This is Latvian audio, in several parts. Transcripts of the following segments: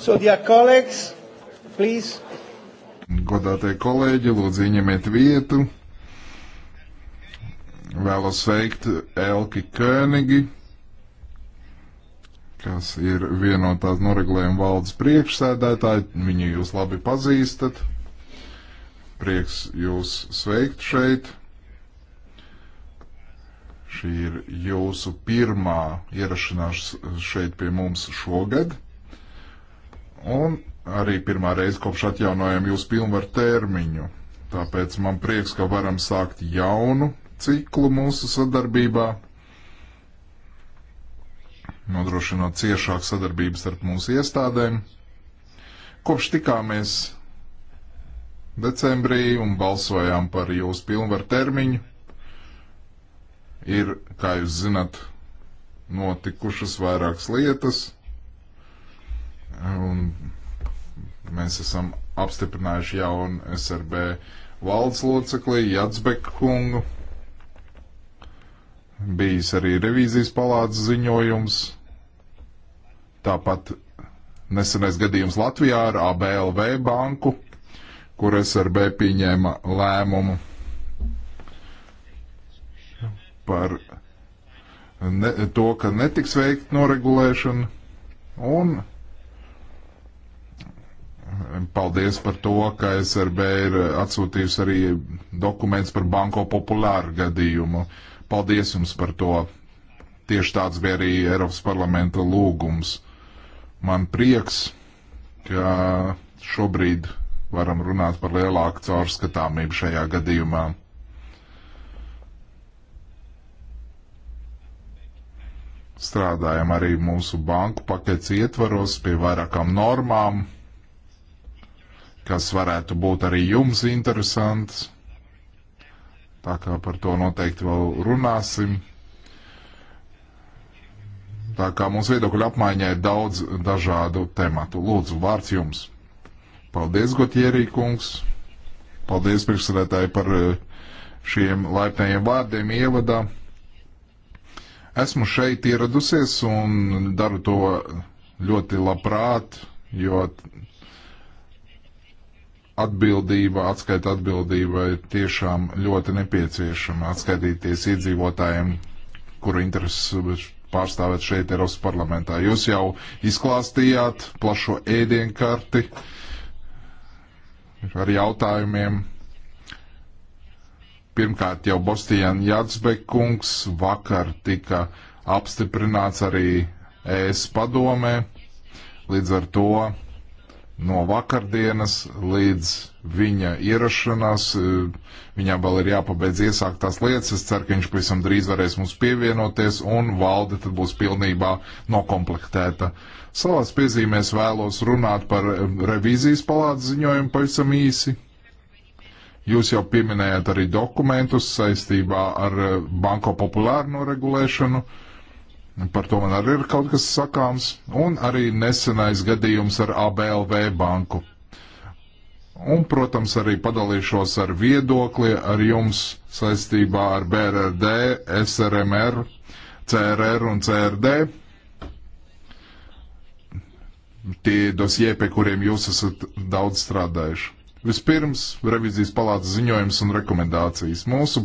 So, dear colleagues, please. Godātie kolēģi, lūdzu, ieņemiet vietu. Vēlos sveikt Elki Königi, kas ir vienotās noregulējuma valdes priekšsēdētāji. Viņu jūs labi pazīstat. Prieks jūs sveikt šeit. Šī ir jūsu pirmā ierašanās šeit pie mums šogad un arī pirmā reize kopš atjaunojam jūsu pilnvaru termiņu. Tāpēc man prieks, ka varam sākt jaunu ciklu mūsu sadarbībā, nodrošinot ciešāku sadarbību starp mūsu iestādēm. Kopš tikāmies decembrī un balsojām par jūsu pilnvaru termiņu, ir, kā jūs zinat, notikušas vairākas lietas un mēs esam apstiprinājuši jaunu SRB valdes loceklī Jatsbeku kungu. Bijis arī revīzijas palātas ziņojums. Tāpat nesenais gadījums Latvijā ar ABLV banku, kur SRB pieņēma lēmumu par ne, to, ka netiks veikt noregulēšana un Paldies par to, ka SRB ir atsūtījusi arī dokuments par banko populāru gadījumu. Paldies jums par to. Tieši tāds bija arī Eiropas parlamenta lūgums. Man prieks, ka šobrīd varam runāt par lielāku caurskatāmību šajā gadījumā. Strādājam arī mūsu banku paketes ietvaros pie vairākām normām kas varētu būt arī jums interesants. Tā kā par to noteikti vēl runāsim. Tā kā mūsu viedokļu apmaiņā ir daudz dažādu tematu. Lūdzu, vārds jums. Paldies, Gotjerī kungs. Paldies, priekšsēdētāji, par eh, šiem laipnējiem vārdiem ievadā. Esmu šeit ieradusies un daru to ļoti labprāt, jo atbildība, atskaita atbildība ir tiešām ļoti nepieciešama atskaitīties iedzīvotājiem, kuru intereses pārstāvēt šeit Eiropas parlamentā. Jūs jau izklāstījāt plašo ēdienkarti ar jautājumiem. Pirmkārt jau Bostijan Jācbekungs vakar tika apstiprināts arī ES padomē, līdz ar to no vakardienas līdz viņa ierašanās. Viņām vēl ir jāpabeidz iesāktās lietas. Es ceru, ka viņš pavisam drīz varēs mums pievienoties un valde tad būs pilnībā nokomplektēta. Savās piezīmēs vēlos runāt par revīzijas palātas ziņojumu pavisam īsi. Jūs jau pieminējāt arī dokumentus saistībā ar banko populāru noregulēšanu. regulēšanu Par to man arī ir kaut kas sakāms. Un arī nesenais gadījums ar ABLV banku. Un, protams, arī padalīšos ar viedokli ar jums saistībā ar BRD, SRMR, CRR un CRD. Tie dosie, pie kuriem jūs esat daudz strādājuši. Vispirms revizijas palātas ziņojums un rekomendācijas. Mūsu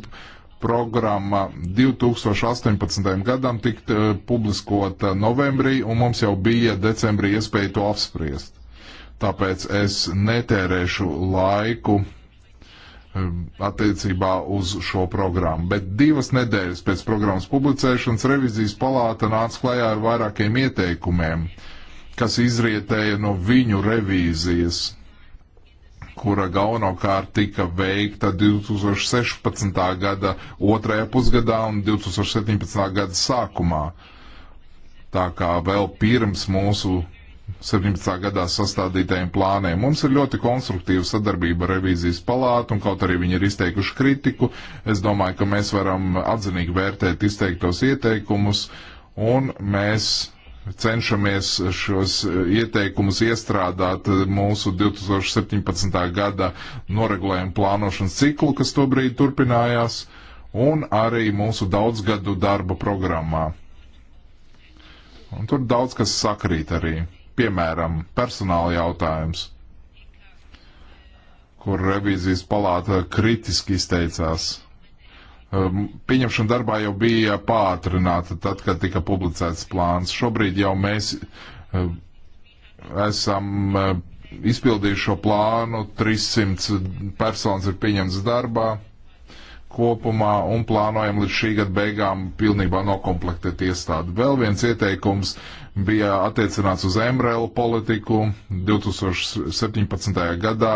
programma 2018. gadam tikt uh, publiskota novembrī, un mums jau bija decembrī iespēja to apspriest. Tāpēc es netērēšu laiku uh, attiecībā uz šo programmu. Bet divas nedēļas pēc programmas publicēšanas revizijas palāta nāca klajā ar vairākiem ieteikumiem, kas izrietēja no viņu revīzijas kura galvenokārt tika veikta 2016. gada otrajā pusgadā un 2017. gada sākumā. Tā kā vēl pirms mūsu 17. gadā sastādītajiem plāniem. Mums ir ļoti konstruktīva sadarbība ar revīzijas palātu, un kaut arī viņi ir izteikuši kritiku, es domāju, ka mēs varam atzinīgi vērtēt izteiktos ieteikumus, un mēs cenšamies šos e, ieteikumus iestrādāt e, mūsu 2017. gada noregulējumu plānošanas ciklu, kas tobrīd turpinājās, un arī mūsu daudzgadu darba programmā. Un tur daudz kas sakrīt arī. Piemēram, personāla jautājums, kur revīzijas palāta kritiski izteicās Ehm, pieņemšana darbā jau bija pātrināta tad, kad tika publicēts plāns. Šobrīd jau mēs ehm, esam ehm, izpildījuši šo plānu, 300 personas ir pieņemts darbā kopumā un plānojam līdz šī gada beigām pilnībā nokomplektēt iestādi. Vēl viens ieteikums bija attiecināts uz MRL politiku. 2017. gadā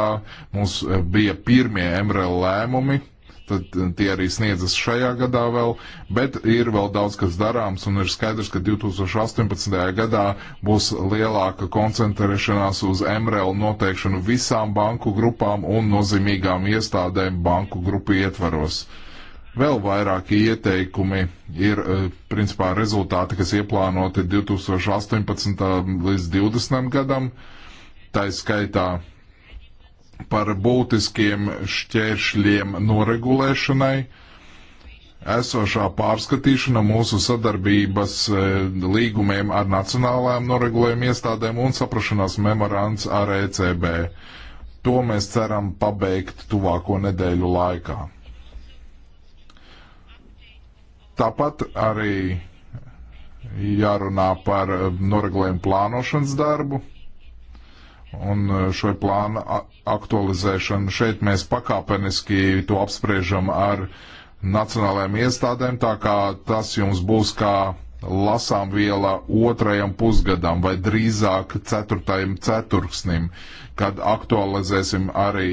mums bija pirmie MRL lēmumi, tad tie arī sniedzas šajā gadā vēl, bet ir vēl daudz kas darāms un ir skaidrs, ka 2018. gadā būs lielāka koncentrēšanās uz MRL noteikšanu visām banku grupām un nozīmīgām iestādēm banku grupu ietvaros. Vēl vairāki ieteikumi ir eh, principā rezultāti, kas ieplānoti 2018. līdz 2020. gadam. Tā ir skaitā par būtiskiem šķēršļiem noregulēšanai. Esošā pārskatīšana mūsu sadarbības e, līgumiem ar nacionālajām noregulējuma iestādēm un saprašanās memorands ar ECB. To mēs ceram pabeigt tuvāko nedēļu laikā. Tāpat arī jārunā par e, noregulējumu plānošanas darbu un uh, šo plānu aktualizēšanu. Šeit mēs pakāpeniski to apspriežam ar nacionālajām iestādēm, tā kā tas jums būs kā lasām viela otrajam pusgadam vai drīzāk ceturtajam ceturksnim, kad aktualizēsim arī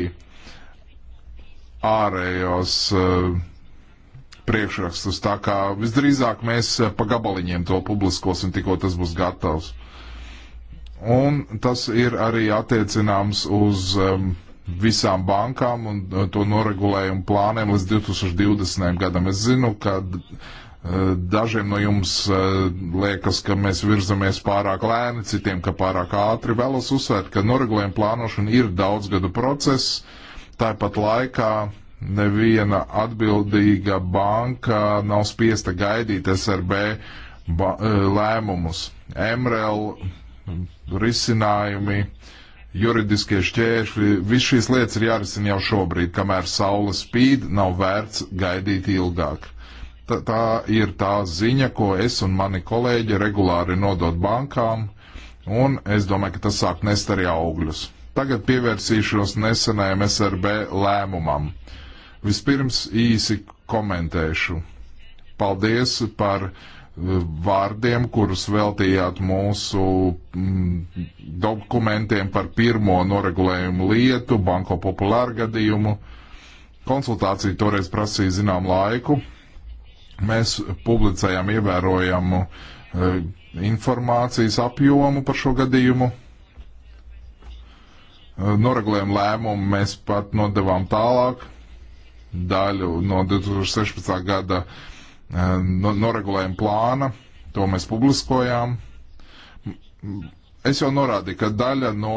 ārējos uh, priekšrakstus. Tā kā visdrīzāk mēs pa gabaliņiem to publiskosim, tikko tas būs gatavs. Un tas ir arī attiecināms uz um, visām bankām un uh, to noregulējumu plāniem līdz 2020. gadam. Es zinu, ka uh, dažiem no jums uh, liekas, ka mēs virzamies pārāk lēni, citiem, ka pārāk ātri. Vēlos uzsvērt, ka noregulējuma plānošana ir daudzgadu process. Tāpat laikā neviena atbildīga banka nav spiesta gaidīt SRB lēmumus. MRL risinājumi, juridiskie šķēršļi, viss šīs lietas ir jārisina jau šobrīd, kamēr saule spīd, nav vērts gaidīt ilgāk. Tā, tā ir tā ziņa, ko es un mani kolēģi regulāri nodod bankām, un es domāju, ka tas sāk nest arī augļus. Tagad pievērsīšos nesenajam SRB lēmumam. Vispirms īsi komentēšu. Paldies par uh, vārdiem, kurus veltījāt mūsu mm, dokumentiem par pirmo noregulējumu lietu, banko populāru gadījumu. Konsultācija toreiz prasīja zinām laiku. Mēs publicējām ievērojamu e, informācijas apjomu par šo gadījumu. E, noregulējumu lēmumu mēs pat nodevām tālāk. Daļu no 2016. gada uh, Ehm, noregulējuma plāna, to mēs publiskojām. Es jau norādīju, ka daļa no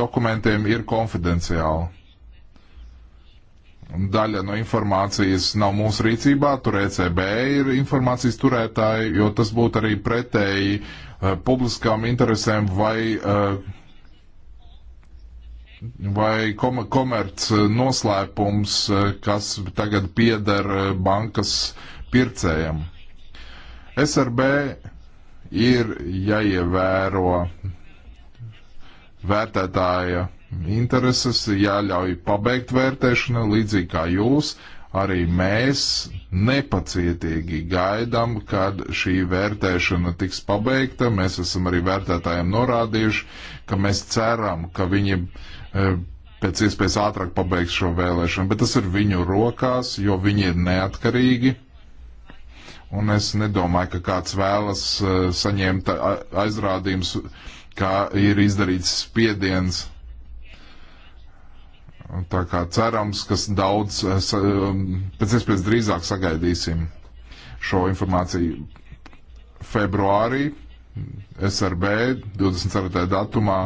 dokumentiem ir konfidenciāla. Daļa no informācijas nav mūsu rīcībā, tur ECB ir informācijas turētāji, jo tas būtu arī pretēji uh, publiskām interesēm vai, uh, vai kom komerc eh, noslēpums, uh, kas tagad pieder bankas uh, pircējam. SRB ir jāievēro vērtētāja intereses, jāļauj pabeigt vērtēšanu, līdzīgi kā jūs, arī mēs nepacietīgi gaidām, kad šī vērtēšana tiks pabeigta. Mēs esam arī vērtētājiem norādījuši, ka mēs ceram, ka viņi eh, pēc iespējas ātrāk pabeigs šo vēlēšanu, bet tas ir viņu rokās, jo viņi ir neatkarīgi Un es nedomāju, ka kāds vēlas uh, saņemt uh, aizrādījums, kā ir izdarīts spiediens. Tā kā cerams, ka daudz, uh, um, pēc iespējas drīzāk sagaidīsim šo informāciju februārī. SRB 24. datumā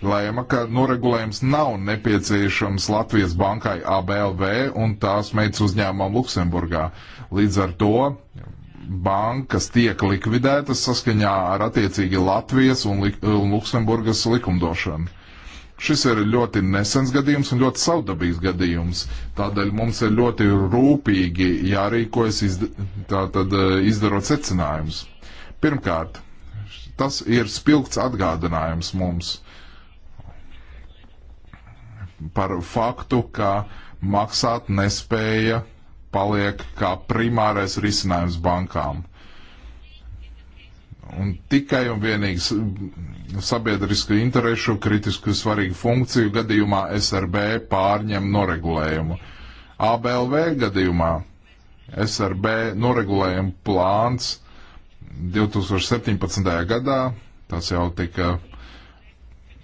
lēma, ka noregulējums nav nepieciešams Latvijas bankai ABLV un tās meitas uzņēmumam Luksemburgā. Līdz ar to bankas tiek likvidētas saskaņā ar attiecīgi Latvijas un, Lik un Luksemburgas likumdošanu. Šis ir ļoti nesens gadījums un ļoti savdabīgs gadījums. Tādēļ mums ir ļoti rūpīgi jārīkojas izd tātad, eh, izdarot secinājumus. Pirmkārt, tas ir spilgts atgādinājums mums par faktu, ka maksāt nespēja paliek kā primārais risinājums bankām. Un tikai un vienīgi sabiedrisku interešu kritiski svarīgu funkciju gadījumā SRB pārņem noregulējumu. ABLV gadījumā SRB noregulējuma plāns 2017. gadā, tas jau tika uh,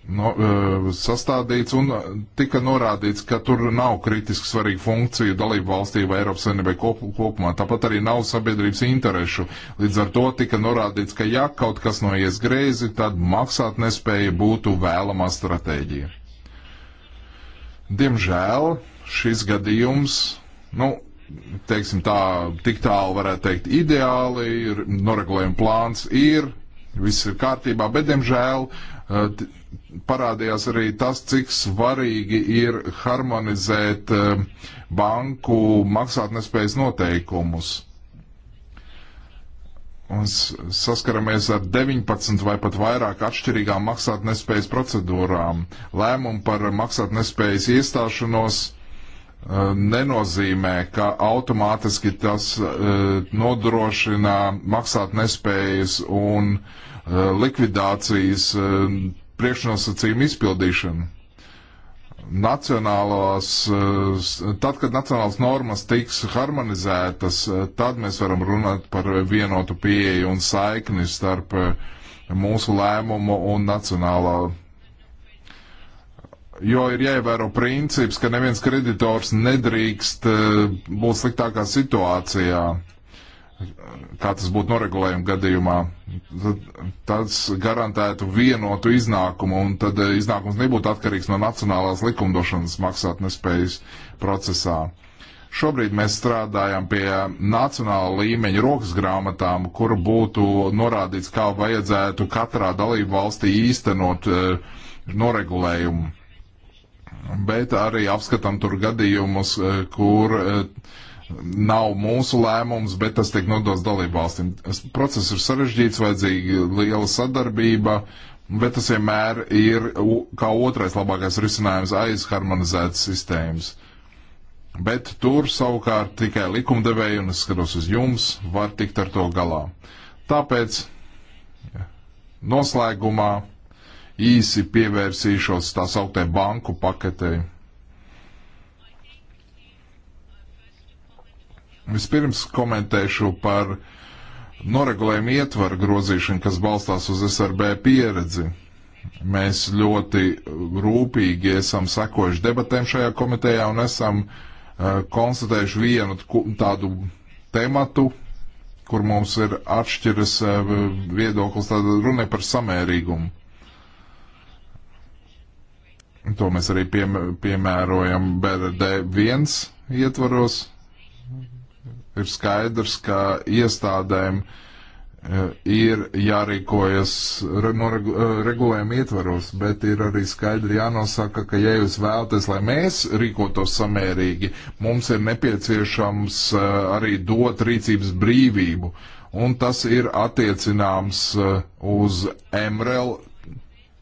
no, eh, sastādīts un eh, tika norādīts, ka tur nav kritiski svarīga funkcija dalību valstī vai Eiropas Savienībai kopumā. Tāpat arī nav sabiedrības interešu. Līdz ar to tika norādīts, ka ja kaut kas noies greizi, tad maksāt nespēja būtu vēlamā stratēģija. Diemžēl šis gadījums, nu, teiksim tā, tik tālu varētu teikt ideāli, ir noregulējuma plāns ir, viss ir kārtībā, bet, diemžēl, uh, parādījās arī tas, cik svarīgi ir harmonizēt banku maksātnespējas noteikumus. Un saskaramies ar 19 vai pat vairāk atšķirīgām maksātnespējas procedūrām. Lēmumu par maksātnespējas iestāšanos nenozīmē, ka automātiski tas nodrošina maksātnespējas un uh, Eh, likvidācijas eh, priekšnosacījumu izpildīšanu. Nacionālās, eh, tad, kad nacionālās normas tiks harmonizētas, tad mēs varam runāt par vienotu pieeju un saikni starp mūsu lēmumu un nacionālā Jo ir jāievēro princips, ka neviens kreditors nedrīkst būt sliktākā situācijā kā tas būtu noregulējuma gadījumā, tad tas garantētu vienotu iznākumu, un tad eh, iznākums nebūtu atkarīgs no nacionālās likumdošanas maksātnespējas procesā. Šobrīd mēs strādājam pie nacionāla līmeņa rokas grāmatām, kur būtu norādīts, kā vajadzētu katrā dalību valstī īstenot e, noregulējumu. Bet arī apskatam tur gadījumus, e, kur e, nav mūsu lēmums, bet tas tiek nodots dalībvalstīm. Process ir sarežģīts, vajadzīga liela sadarbība, bet tas vienmēr ir kā otrais labākais risinājums aiz harmonizētas sistēmas. Bet tur savukārt tikai likumdevēji, un es skatos uz jums, var tikt ar to galā. Tāpēc noslēgumā īsi pievērsīšos tā sauktē banku paketei Vispirms komentēšu par noregulējumu ietvaru grozīšanu, kas balstās uz SRB pieredzi. Mēs ļoti rūpīgi esam sekojuši debatēm šajā komitejā un esam uh, konstatējuši vienu tādu tematu, kur mums ir atšķiras uh, viedoklis, tad runa par samērīgumu. To mēs arī piem piemērojam BRD 1 ietvaros ir skaidrs, ka iestādēm e, ir jārīkojas no e, regulējuma ietvaros, bet ir arī skaidri jānosaka, ka ja jūs vēlaties, lai mēs rīkotos samērīgi, mums ir nepieciešams e, arī dot rīcības brīvību, un tas ir attiecināms uz MREL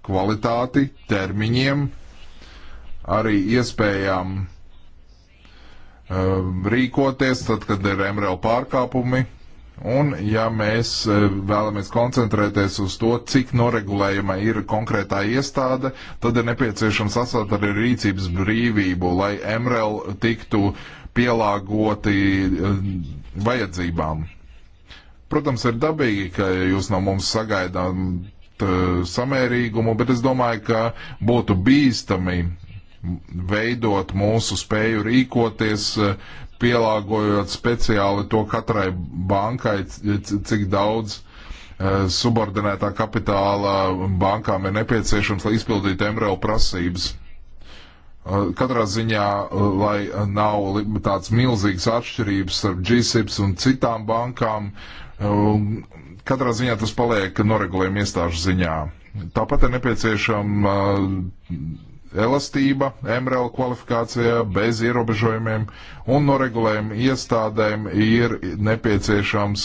kvalitāti, termiņiem, arī iespējām uh, Um, rīkoties, tad, kad ir MRL pārkāpumi. Un, ja mēs uh, vēlamies koncentrēties uz to, cik noregulējama ir konkrētā iestāde, tad ir nepieciešams atstāt arī rīcības brīvību, lai MRL tiktu pielāgoti uh, vajadzībām. Protams, ir dabīgi, ka jūs no mums sagaidām uh, samērīgumu, bet es domāju, ka būtu bīstami veidot mūsu spēju rīkoties, eh, pielāgojot speciāli to katrai bankai, cik daudz eh, subordinētā kapitāla bankām ir nepieciešams, lai izpildītu MRL prasības. Eh, katrā ziņā, lai nav tāds milzīgs atšķirības starp GSIPs un citām bankām, um, katrā ziņā tas paliek noregulējuma iestāžu ziņā. Tāpat ir nepieciešama elastība MRL kvalifikācijā bez ierobežojumiem un noregulējuma iestādēm ir nepieciešams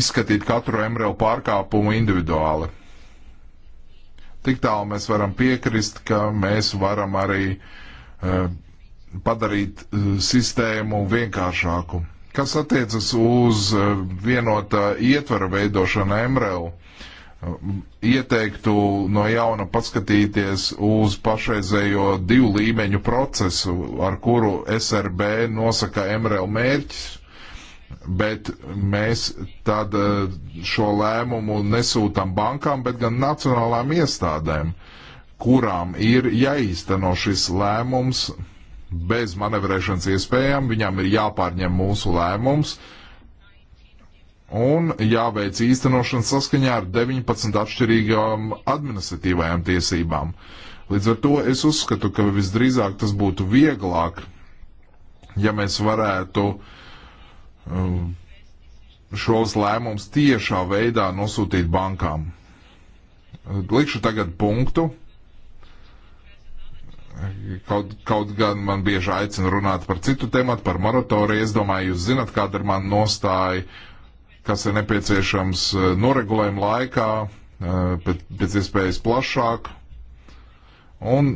izskatīt katru MRL pārkāpumu individuāli. Tik tālu mēs varam piekrist, ka mēs varam arī uh, padarīt uh, sistēmu vienkāršāku. Kas attiecas uz uh, vienota ietvara veidošanu MRL, uh, ieteiktu no jauna paskatīties uz pašreizējo divu līmeņu procesu, ar kuru SRB nosaka MRL mērķis, bet mēs tad eh, šo lēmumu nesūtam bankām, bet gan nacionālām iestādēm, kurām ir jāīsteno šis lēmums bez manevrēšanas iespējām, viņām ir jāpārņem mūsu lēmums, uh, un jāveic īstenošana saskaņā ar 19 atšķirīgām administratīvajām tiesībām. Līdz ar to es uzskatu, ka visdrīzāk tas būtu vieglāk, ja mēs varētu um, šos lēmumus tiešā veidā nosūtīt bankām. Likšu tagad punktu. Kaut, kaut gan man bieži aicina runāt par citu tematu, par moratoriju. Es domāju, jūs zinat, kāda ir mana nostāja uh, kas ir nepieciešams eh, noregulējuma laikā, eh, pēc iespējas plašāk. Un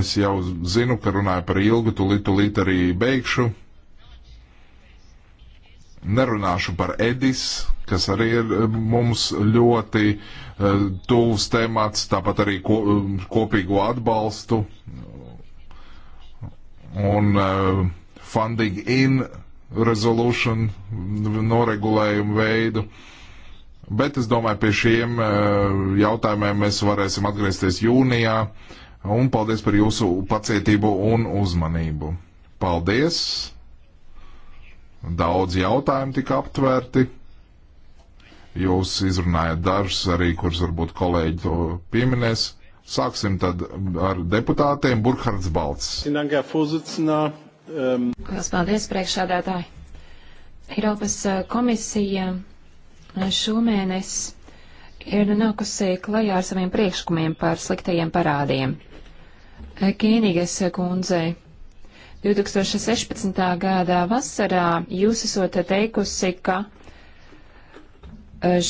es jau zinu, ka runāju par ilgu, tūlīt, tūlīt arī beigšu. Nerunāšu par Edis, kas arī ir eh, mums ļoti uh, tuvs temats, tāpat arī ko, kopīgo atbalstu un uh, funding in resolution noregulējumu veidu. Bet es domāju, pie šiem eh, jautājumiem mēs varēsim atgriezties jūnijā. Un paldies par jūsu pacietību un uzmanību. Paldies! Daudz jautājumu tika aptvērti. Jūs izrunājat dažus arī, kurus varbūt kolēģi to pieminēs. Sāksim tad ar deputātiem. Burkhards Balts. Vielen Dank, Herr Vorsitzender. Um... Lielas paldies, priekšādātāji! Eiropas uh, komisija uh, šomēnes ir nākusi klajā ar saviem priekšlikumiem par sliktajiem parādiem. Uh, Kēnīgas kundzei 2016. gada vasarā jūs esat teikusi, ka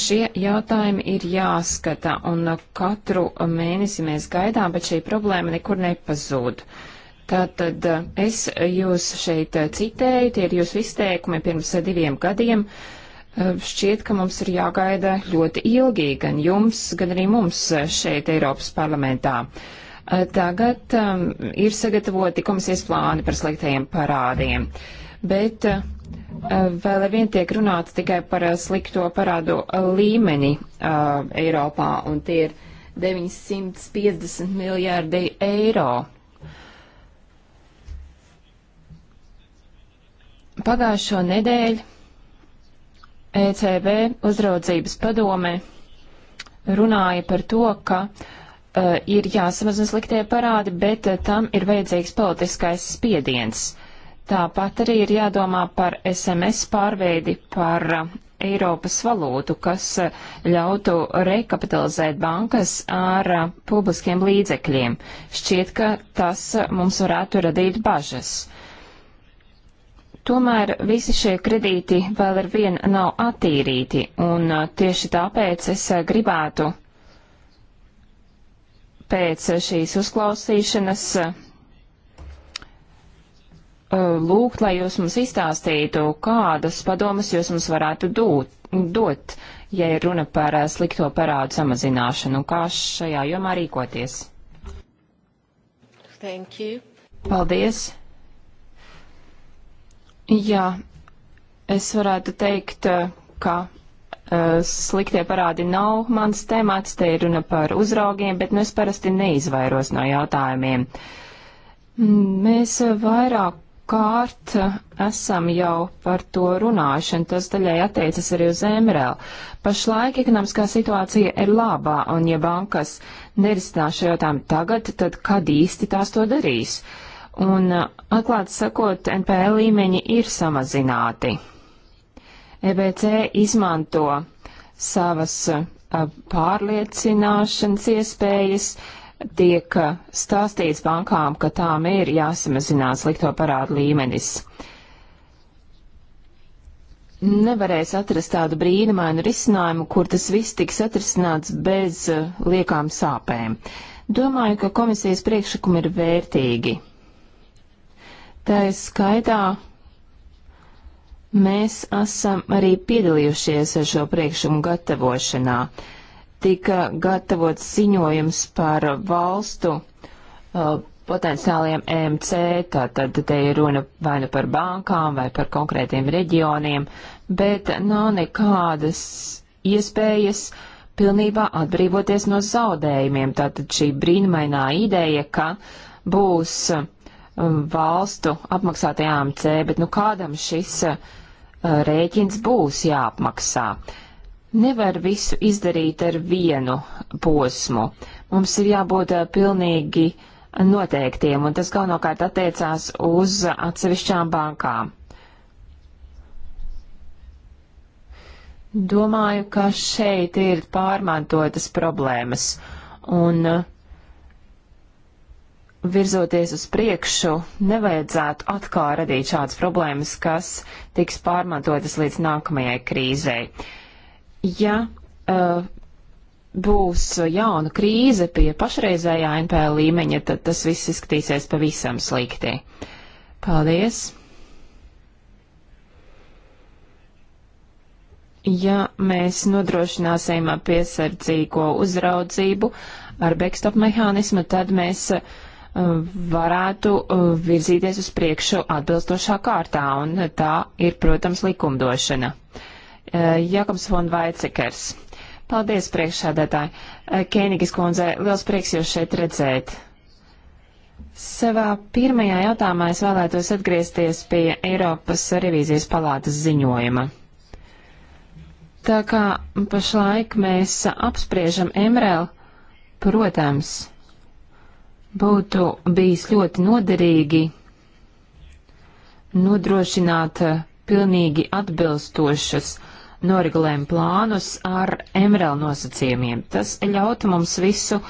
šie jautājumi ir jāskata, un katru mēnesi mēs gaidām, bet šī problēma nekur nepazūd. Uh, Tātad eh, es jūs šeit eh, citēju, tie ir jūsu izteikumi pirms eh, diviem gadiem. Šķiet, ka mums ir jāgaida ļoti ilgi, gan jums, gan arī mums šeit Eiropas parlamentā. Tagad um, ir sagatavoti komisijas plāni par sliktajiem parādiem, bet uh, vēl ar vien tiek runāts tikai par slikto parādu līmeni uh, Eiropā, un tie ir 950 miljārdi eiro Pagājušo nedēļu ECB uzraudzības padome runāja par to, ka uh, ir jāsamazina sliktie parādi, bet uh, tam ir vajadzīgs politiskais spiediens. Tāpat arī ir jādomā par SMS pārveidi par uh, Eiropas valūtu, kas ļautu rekapitalizēt bankas ar publiskiem līdzekļiem. Šķiet, ka tas mums varētu radīt bažas. Uh, Tomēr visi šie kredīti vēl ar vienu nav attīrīti, un uh, tieši tāpēc es uh, gribētu pēc šīs uzklausīšanas uh, lūgt, lai jūs mums izstāstītu, kādas padomas jūs mums varētu dūt, dot, ja ir runa par slikto parādu samazināšanu, kā šajā jomā rīkoties. Thank you. Paldies. Jā, es varētu teikt, ka e, sliktie parādi nav mans temats, te ir runa par uzraugiem, bet nu es parasti neizvairos no jautājumiem. Mēs vairāk kārt esam jau par to runājuši, un tas daļai attiecas arī uz MRL. Pašlaik ekonomiskā situācija ir labā, un ja bankas nerisinās šo jautājumu tagad, tad kad īsti tās to darīs? Uh, un uh, atklāt sakot, NPL līmeņi ir samazināti. EBC izmanto savas uh, pārliecināšanas iespējas, tiek uh, stāstīts bankām, ka tām ir jāsamazinās likto parādu līmenis. Nevarēs atrast tādu brīnumainu risinājumu, kur tas viss tiks atrisināts bez liekām sāpēm. Domāju, ka komisijas priekšlikumi ir vērtīgi. Tā ir skaitā mēs esam arī piedalījušies ar šo priekšumu gatavošanā. Tika gatavots ziņojums par valstu uh, potenciāliem EMC, tātad te ir runa vai nu par bankām vai par konkrētiem reģioniem, bet nav nekādas iespējas pilnībā atbrīvoties no zaudējumiem. Tātad šī brīnumainā ideja, ka būs uh, valstu apmaksātajām C, bet nu kādam šis eh, rēķins būs jāapmaksā. Nevar visu izdarīt ar vienu posmu. Mums ir jābūt eh, pilnīgi noteiktiem, un tas galvenokārt attiecās uz atsevišķām bankām. Domāju, ka šeit ir pārmantotas problēmas, un uh, virzoties uz priekšu, nevajadzētu atkal radīt šādas problēmas, kas tiks pārmantotas līdz nākamajai krīzei. Ja uh, būs jauna krīze pie pašreizējā NPL līmeņa, tad tas viss izskatīsies pavisam slikti. Paldies! Ja mēs nodrošināsim piesardzīgo uzraudzību ar backstop mehānismu, tad mēs uh, varētu uh, virzīties uz priekšu atbilstošā kārtā, un tā ir, protams, likumdošana. Uh, Jakobs von Vaicekers. Paldies, priekšsādātāji. Uh, Kēnigas kundze, liels prieks jūs šeit redzēt. Savā pirmajā jautājumā es vēlētos atgriezties pie Eiropas revīzijas palātas ziņojuma. Tā kā pašlaik mēs apspriežam Emrelu, protams, Būtu bijis ļoti noderīgi nodrošināt pilnīgi atbilstošas noregulējuma plānus ar MRL nosacījumiem. Tas ļautu mums visu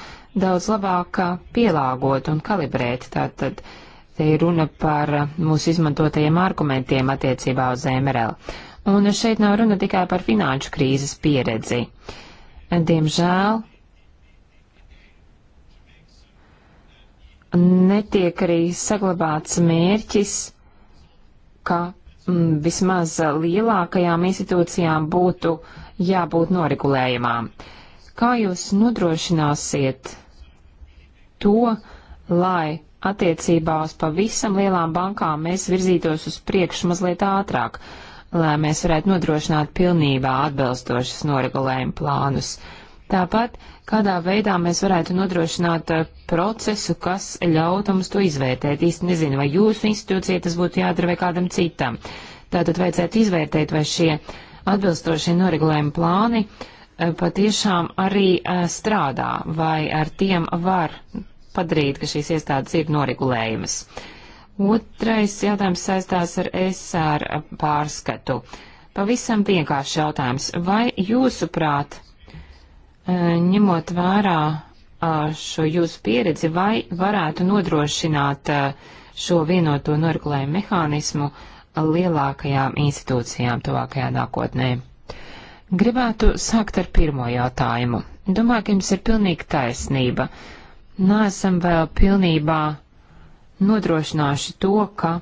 daudz labāk pielāgot un kalibrēt. Tātad te ir runa par mūsu izmantotajiem argumentiem attiecībā uz MRL. Un šeit nav runa tikai par finanšu krīzes pieredzi. Diemžēl netiek arī saglabāts mērķis, ka mm, vismaz lielākajām institūcijām būtu jābūt noregulējumām. Kā jūs nodrošināsiet to, lai attiecībā uz pavisam lielām bankām mēs virzītos uz priekšu mazliet ātrāk, lai mēs varētu nodrošināt pilnībā atbilstošas noregulējuma plānus? Uh, Tāpat, kādā veidā mēs varētu nodrošināt uh, procesu, kas ļautu mums to izvērtēt. Īsti nezinu, vai jūsu institūcija tas būtu jādara vai kādam citam. Tātad vajadzētu izvērtēt, vai šie atbilstošie noregulējumi plāni uh, patiešām arī uh, strādā, vai ar tiem var padarīt, ka šīs iestādes ir noregulējumas. Otrais jautājums saistās ar SR pārskatu. Pavisam vienkārši jautājums. Vai jūsuprāt, ņemot vērā šo jūsu pieredzi, vai varētu nodrošināt šo vienoto noregulējumu mehānismu lielākajām institūcijām tuvākajā nākotnē? Gribētu sākt ar pirmo jautājumu. Domāju, ka jums ir pilnīga taisnība. Nāsam vēl pilnībā nodrošināšu to, ka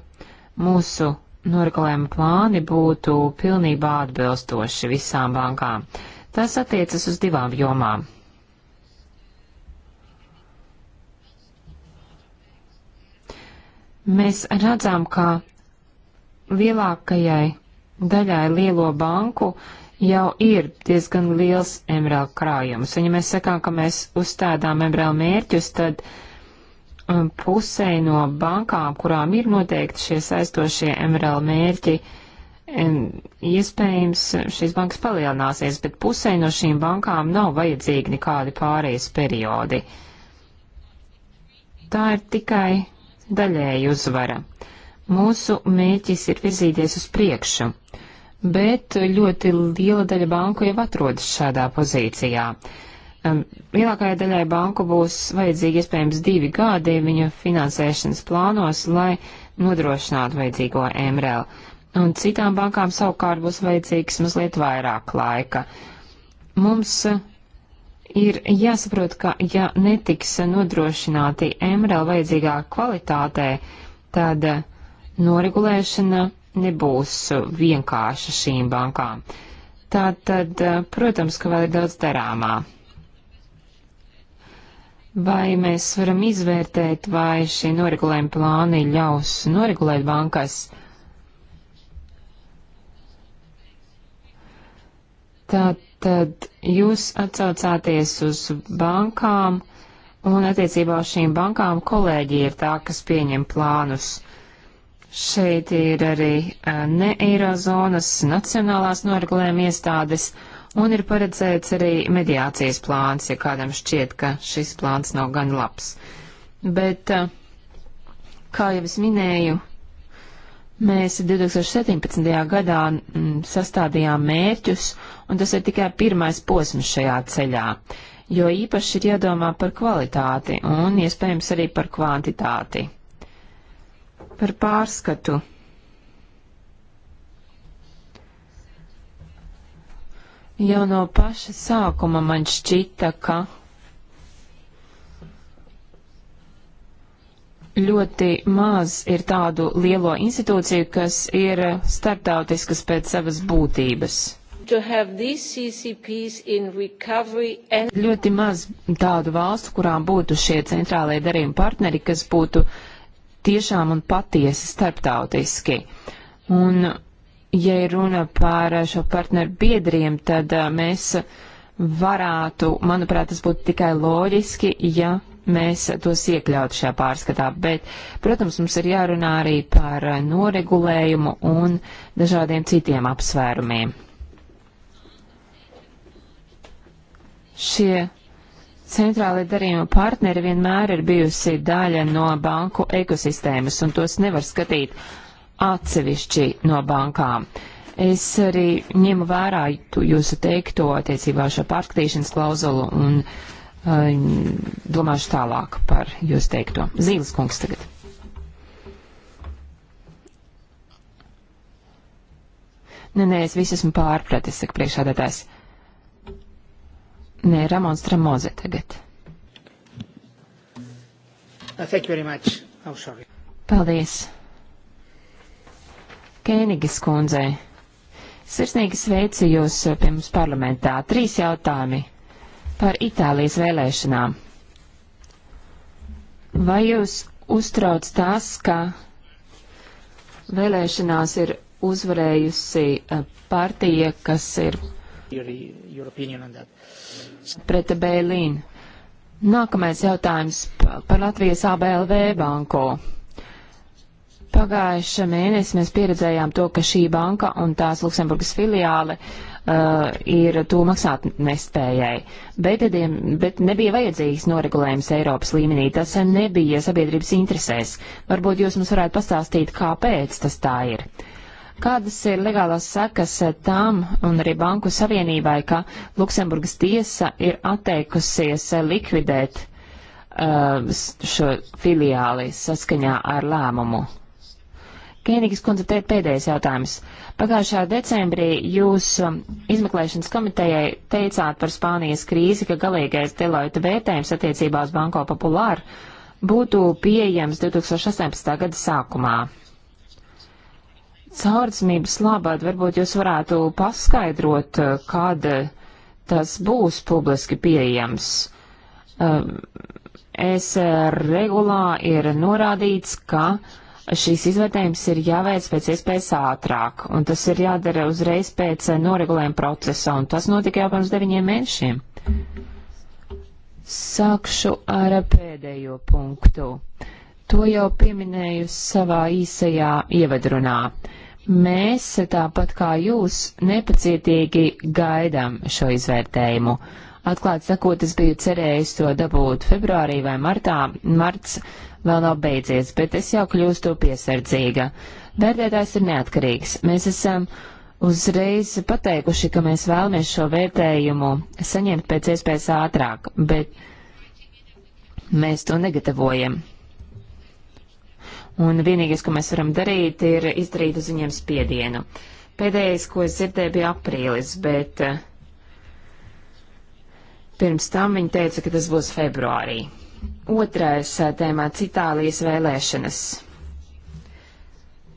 mūsu noregulējuma plāni būtu pilnībā atbilstoši visām bankām. Uh, Tas attiecas uz divām jomām. Mēs redzam, ka lielākajai daļai lielo banku jau ir diezgan liels MRL krājums. Un ja mēs sakām, ka mēs uzstādām MRL mērķus, tad um, pusē no bankām, kurām ir noteikti šie saistošie MRL mērķi, uh, iespējams šīs bankas palielināsies, bet pusē no šīm bankām nav vajadzīgi nekādi pārējais periodi. Tā ir tikai daļēji uzvara. Mūsu mēķis ir virzīties uz priekšu, bet ļoti liela daļa banku jau atrodas šādā pozīcijā. Lielākajai daļai banku būs vajadzīgi iespējams divi gadi viņu finansēšanas plānos, lai nodrošinātu vajadzīgo MRL un citām bankām savukārt būs vajadzīgs mazliet vairāk laika. Mums eh, ir jāsaprot, ka ja netiks eh, nodrošināti MRL vajadzīgā kvalitātē, tad eh, noregulēšana nebūs vienkārša šīm bankām. Tātad, protams, ka vēl ir daudz darāmā. Vai mēs varam izvērtēt, vai šie noregulējumi plāni ļaus noregulēt bankas? Tātad jūs atcaucāties uz bankām, un attiecībā uz šīm bankām kolēģi ir tā, kas pieņem plānus. Šeit ir arī eh, ne eirozonas nacionālās noregulējuma iestādes, un ir paredzēts arī mediācijas plāns, ja kādam šķiet, ka šis plāns nav gan labs. Bet, eh, kā jau es minēju, Mēs 2017. gadā mm, sastādījām mērķus, un tas ir tikai pirmais posms šajā ceļā, jo īpaši ir jādomā par kvalitāti un iespējams arī par kvantitāti. Par pārskatu. Jau no paša sākuma man šķita, ka ļoti maz ir tādu lielo institūciju, kas ir startautiskas pēc savas būtības. And... Ļoti maz tādu valstu, kurām būtu šie centrālai darījuma partneri, kas būtu tiešām un patiesi starptautiski. Un, ja runa par šo partneru biedriem, tad eh, mēs varētu, manuprāt, tas būtu tikai loģiski, ja mēs tos iekļautu šajā pārskatā, bet, protams, mums ir jārunā arī par noregulējumu un dažādiem citiem apsvērumiem. Šie centrālie darījuma partneri vienmēr ir bijusi daļa no banku ekosistēmas, un tos nevar skatīt atsevišķi no bankām. Es arī ņemu vērā jūsu teikto attiecībā šo pārskatīšanas klauzulu un uh, domāšu tālāk par jūs teikto. Zīles kungs tagad. Nē, nē, es visu esmu pārpratis, saka priekšādātājs. Nē, Ramons Tramoze tagad. Uh, thank you very much. Oh, sorry. Paldies. Kēnigas kundzei. Sirsnīgi sveicu jūs uh, pie mums parlamentā. Trīs jautājumi par Itālijas vēlēšanām. Vai jūs uztrauc tas, ka vēlēšanās ir uzvarējusi eh, partija, kas ir pret Bēlīnu? Nākamais jautājums par Latvijas ABLV banko. Pagājušā mēnesī mēs pieredzējām to, ka šī banka un tās Luksemburgas filiāle uh, uh, ir to maksāt nespējai. Bet, bet nebija vajadzīgs noregulējums Eiropas līmenī, tas nebija sabiedrības interesēs. Varbūt jūs mums varētu pastāstīt, kāpēc tas tā ir. Kādas ir legālās sekas tam un arī Banku Savienībai, ka Luksemburgas tiesa ir atteikusies likvidēt uh, šo filiāli saskaņā ar lēmumu? Kēnīgas kundze, te ir pēdējais jautājums. Pagājušā decembrī jūs um, izmeklēšanas komitejai teicāt par Spānijas krīzi, ka galīgais Deloitte vērtējums attiecībā uz Banko Populāru būtu pieejams 2018. gada sākumā. Caurdzmības labad varbūt jūs varētu paskaidrot, uh, kad uh, tas būs publiski pieejams. Um, es uh, regulā ir norādīts, ka uh, šīs izvērtējums ir jāveic pēc iespējas ātrāk, un tas ir jādara uzreiz pēc noregulējuma procesa, un tas notika jau pirms deviņiem mēnešiem. Sākšu ar pēdējo punktu. To jau pieminēju savā īsajā ievadrunā. Mēs, tāpat kā jūs, nepacietīgi gaidām šo izvērtējumu. Atklāt sakot, es biju cerējis to dabūt februārī vai martā. Marts vēl nav beidzies, bet es jau kļūstu piesardzīga. Vērtētājs ir neatkarīgs. Mēs esam uzreiz pateikuši, ka mēs vēlamies šo vērtējumu saņemt pēc iespējas ātrāk, bet mēs to negatavojam. Un vienīgais, ko mēs varam darīt, ir izdarīt uz viņiem spiedienu. Pēdējais, ko es dzirdēju, bija aprīlis, bet eh, pirms tam viņi teica, ka tas būs februārī. Otrais tēmāts - Itālijas vēlēšanas.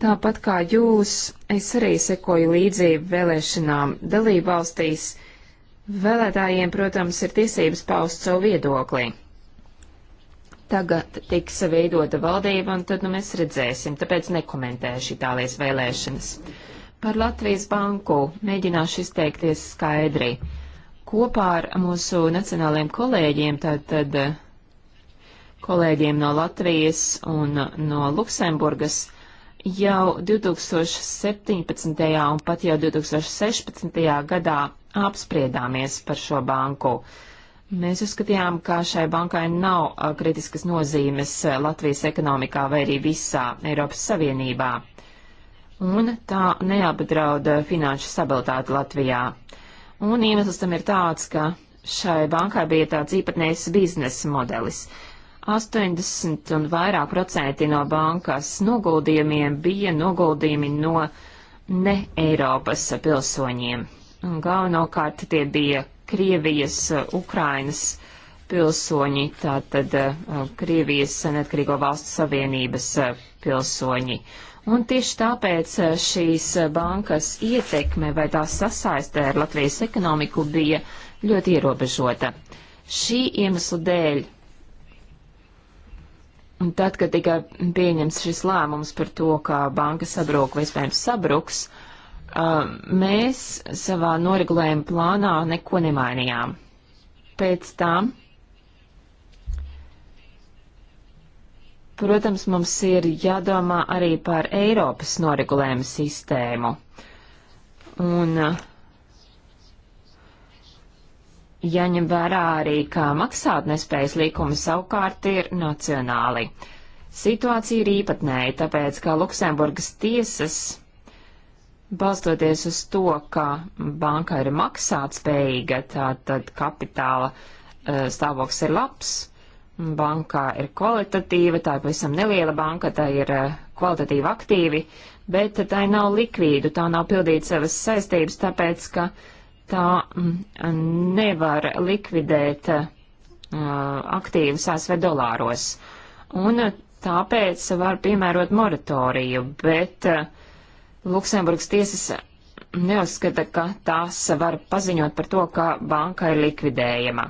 Tāpat kā jūs, es arī sekoju līdzi vēlēšanām dalībvalstīs. Vēlētājiem, protams, ir tiesības paust savu viedokli. Tagad tiks veidota valdība, un tad nu, mēs redzēsim, tāpēc nekomentēšu Itālijas vēlēšanas. Par Latvijas banku mēģināšu izteikties skaidri. Kopā ar mūsu nacionālajiem kolēģiem, tātad. Tad, kolēģiem no Latvijas un no Luksemburgas jau 2017. un pat jau 2016. gadā apspriedāmies par šo banku. Mēs uzskatījām, ka šai bankai nav kritiskas nozīmes Latvijas ekonomikā vai arī visā Eiropas Savienībā, un tā neapdrauda finanšu stabilitāti Latvijā. Un iemesls tam ir tāds, ka šai bankai bija tāds īpatnējs biznesa modelis. Uh, 80 un vairāk procenti no bankas noguldījumiem bija noguldījumi no ne Eiropas pilsoņiem. Un galvenokārt tie bija Krievijas, Ukrainas pilsoņi, tātad uh, Krievijas Netkarīgo valstu savienības uh, pilsoņi. Un tieši tāpēc uh, šīs bankas ietekme vai tās sasaistē ar Latvijas ekonomiku bija ļoti ierobežota. Šī iemesla dēļ Un tad, kad tika pieņems šis lēmums par to, ka banka sabrūk vai iespējams sabruks, um, mēs savā noregulējuma plānā neko nemainījām. Pēc tam, protams, mums ir jādomā arī par Eiropas noregulējuma sistēmu. Un uh, Jaņem vērā arī, ka maksātnespējas likumi savukārt ir nacionāli. Situācija ir īpatnēja, tāpēc, ka Luksemburgas tiesas, balstoties uz to, ka banka ir maksātspējīga, tātad kapitāla eh, stāvoklis ir labs, bankā ir kvalitatīva, tā ir pavisam neliela banka, tā ir eh, kvalitatīva aktīvi, bet tā nav likvīdu, tā nav pildīta savas saistības, tāpēc, ka uh, tā mm, nevar likvidēt eh, aktīvus ASV dolāros. Un eh, tāpēc var piemērot moratoriju, bet eh, Luksemburgas tiesas neuzskata, ka tās var paziņot par to, ka banka ir likvidējama.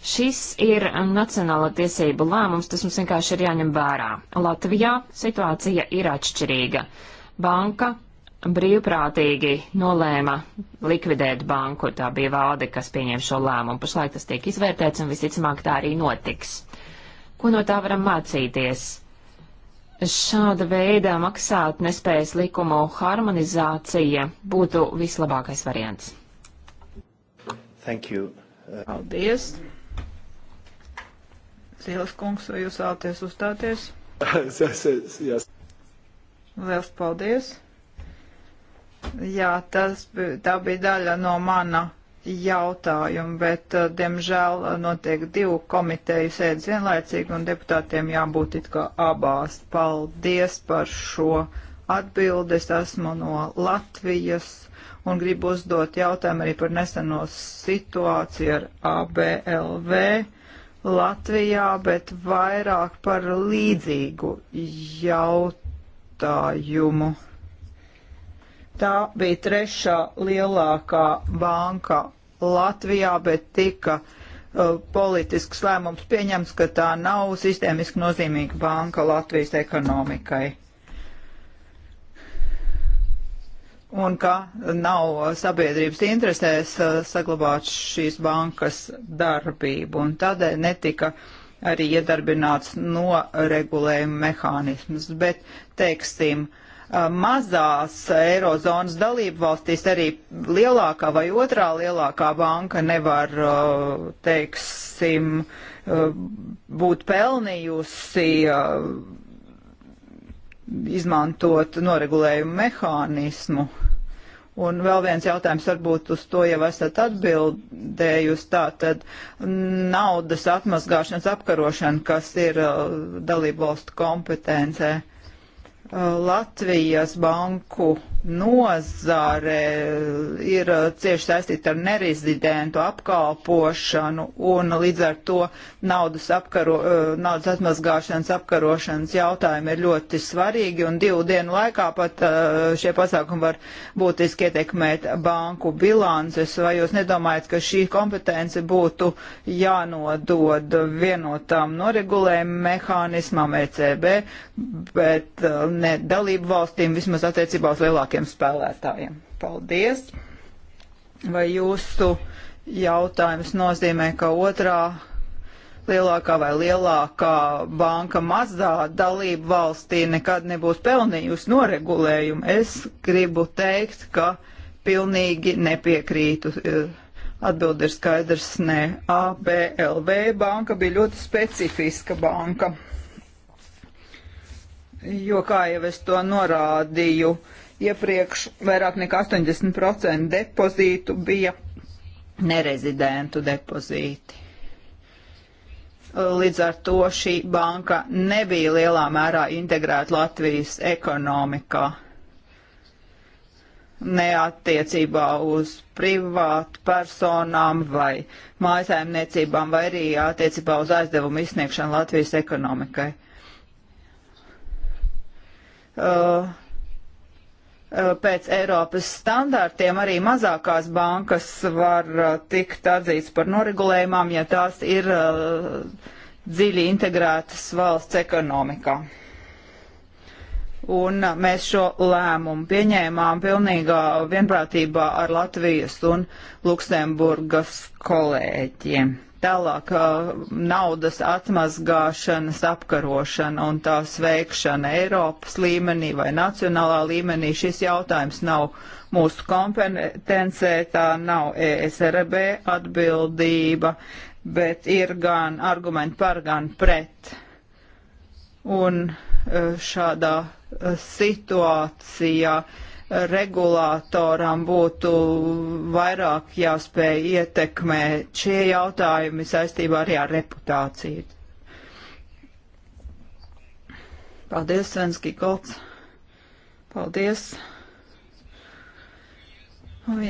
Šis ir nacionāla tiesība lēmums, tas mums vienkārši ir jāņem vērā. Latvijā situācija ir atšķirīga. Banka brīvprātīgi nolēma likvidēt banku. Tā bija valde, kas pieņēma šo lēmumu. Pašlaik tas tiek izvērtēts un visticamāk tā arī notiks. Ko no tā varam mācīties? Šāda veida maksāt nespējas likumu harmonizācija būtu vislabākais variants. Thank you. Uh... Paldies. Zielas kungs, vai jūs vēlaties uzstāties? yes, yes, yes. Liels paldies. Jā, tas, tā bija daļa no mana jautājuma, bet, eh, diemžēl, eh, notiek divu komiteju sēdes vienlaicīgi un deputātiem jābūt it kā abās. Paldies par šo atbildi. Es esmu no Latvijas un gribu uzdot jautājumu arī par neseno situāciju ar ABLV Latvijā, bet vairāk par līdzīgu jautājumu. Tā bija trešā lielākā banka Latvijā, bet tika uh, politisks lēmums pieņemts, ka tā nav sistēmiski nozīmīga banka Latvijas ekonomikai. un ka nav sabiedrības interesēs uh, saglabāt šīs bankas darbību, un tādēļ netika arī iedarbināts noregulējuma mehānisms. Bet, teiksim, uh, Eh, mazās eirozonas dalību valstīs arī lielākā vai otrā lielākā banka nevar, eh, teiksim, eh, būt pelnījusi izmantot noregulējumu mehānismu. Un vēl viens jautājums, varbūt uz to jau esat atbildējusi, tā tad naudas atmazgāšanas apkarošana, kas ir dalību valstu kompetencē. Latvijas banku nozare eh, ir eh, cieši saistīta ar nerezidentu apkalpošanu un līdz ar to naudas, apkaro, eh, naudas atmazgāšanas apkarošanas jautājumi ir ļoti svarīgi un divu dienu laikā pat šie pasākumi var būtiski ietekmēt banku bilances. Vai jūs nedomājat, ka šī kompetence būtu jānodod vienotām noregulējuma mehānismam ECB, bet ne dalību valstīm vismaz attiecībā uz lielāku lielākiem spēlētājiem. Paldies! Vai jūsu jautājums nozīmē, ka otrā lielākā vai lielākā banka mazā dalība valstī nekad nebūs pelnījusi noregulējumu? Es gribu teikt, ka pilnīgi nepiekrītu. Atbildi ir skaidrs, nē. ABLV banka bija ļoti specifiska banka. Jo, kā jau es to norādīju, uh, Iepriekš vairāk nekā 80% depozītu bija nerezidentu depozīti. Līdz ar to šī banka nebija lielā mērā integrēta Latvijas ekonomikā neattiecībā uz privātu personām vai mājasēmniecībām, vai arī attiecībā uz aizdevumu izsniegšanu Latvijas ekonomikai. Uh, Eh, pēc Eiropas standārtiem arī mazākās bankas var eh, tikt atzīts par noregulējumām, ja tās ir eh, dziļi integrētas valsts ekonomikā. Un mēs šo lēmumu pieņēmām pilnīgā vienprātībā ar Latvijas un Luksemburgas kolēģiem. Tālāk naudas atmazgāšanas apkarošana un tās veikšana Eiropas līmenī vai nacionālā līmenī. Šis jautājums nav mūsu kompetencē, tā nav ESRB atbildība, bet ir gan argumenti par, gan pret. Un šādā situācijā uh, regulātoram būtu vairāk jāspēj ietekmēt šie jautājumi saistībā arī ar reputāciju. Paldies, Svenski Kolts. Paldies.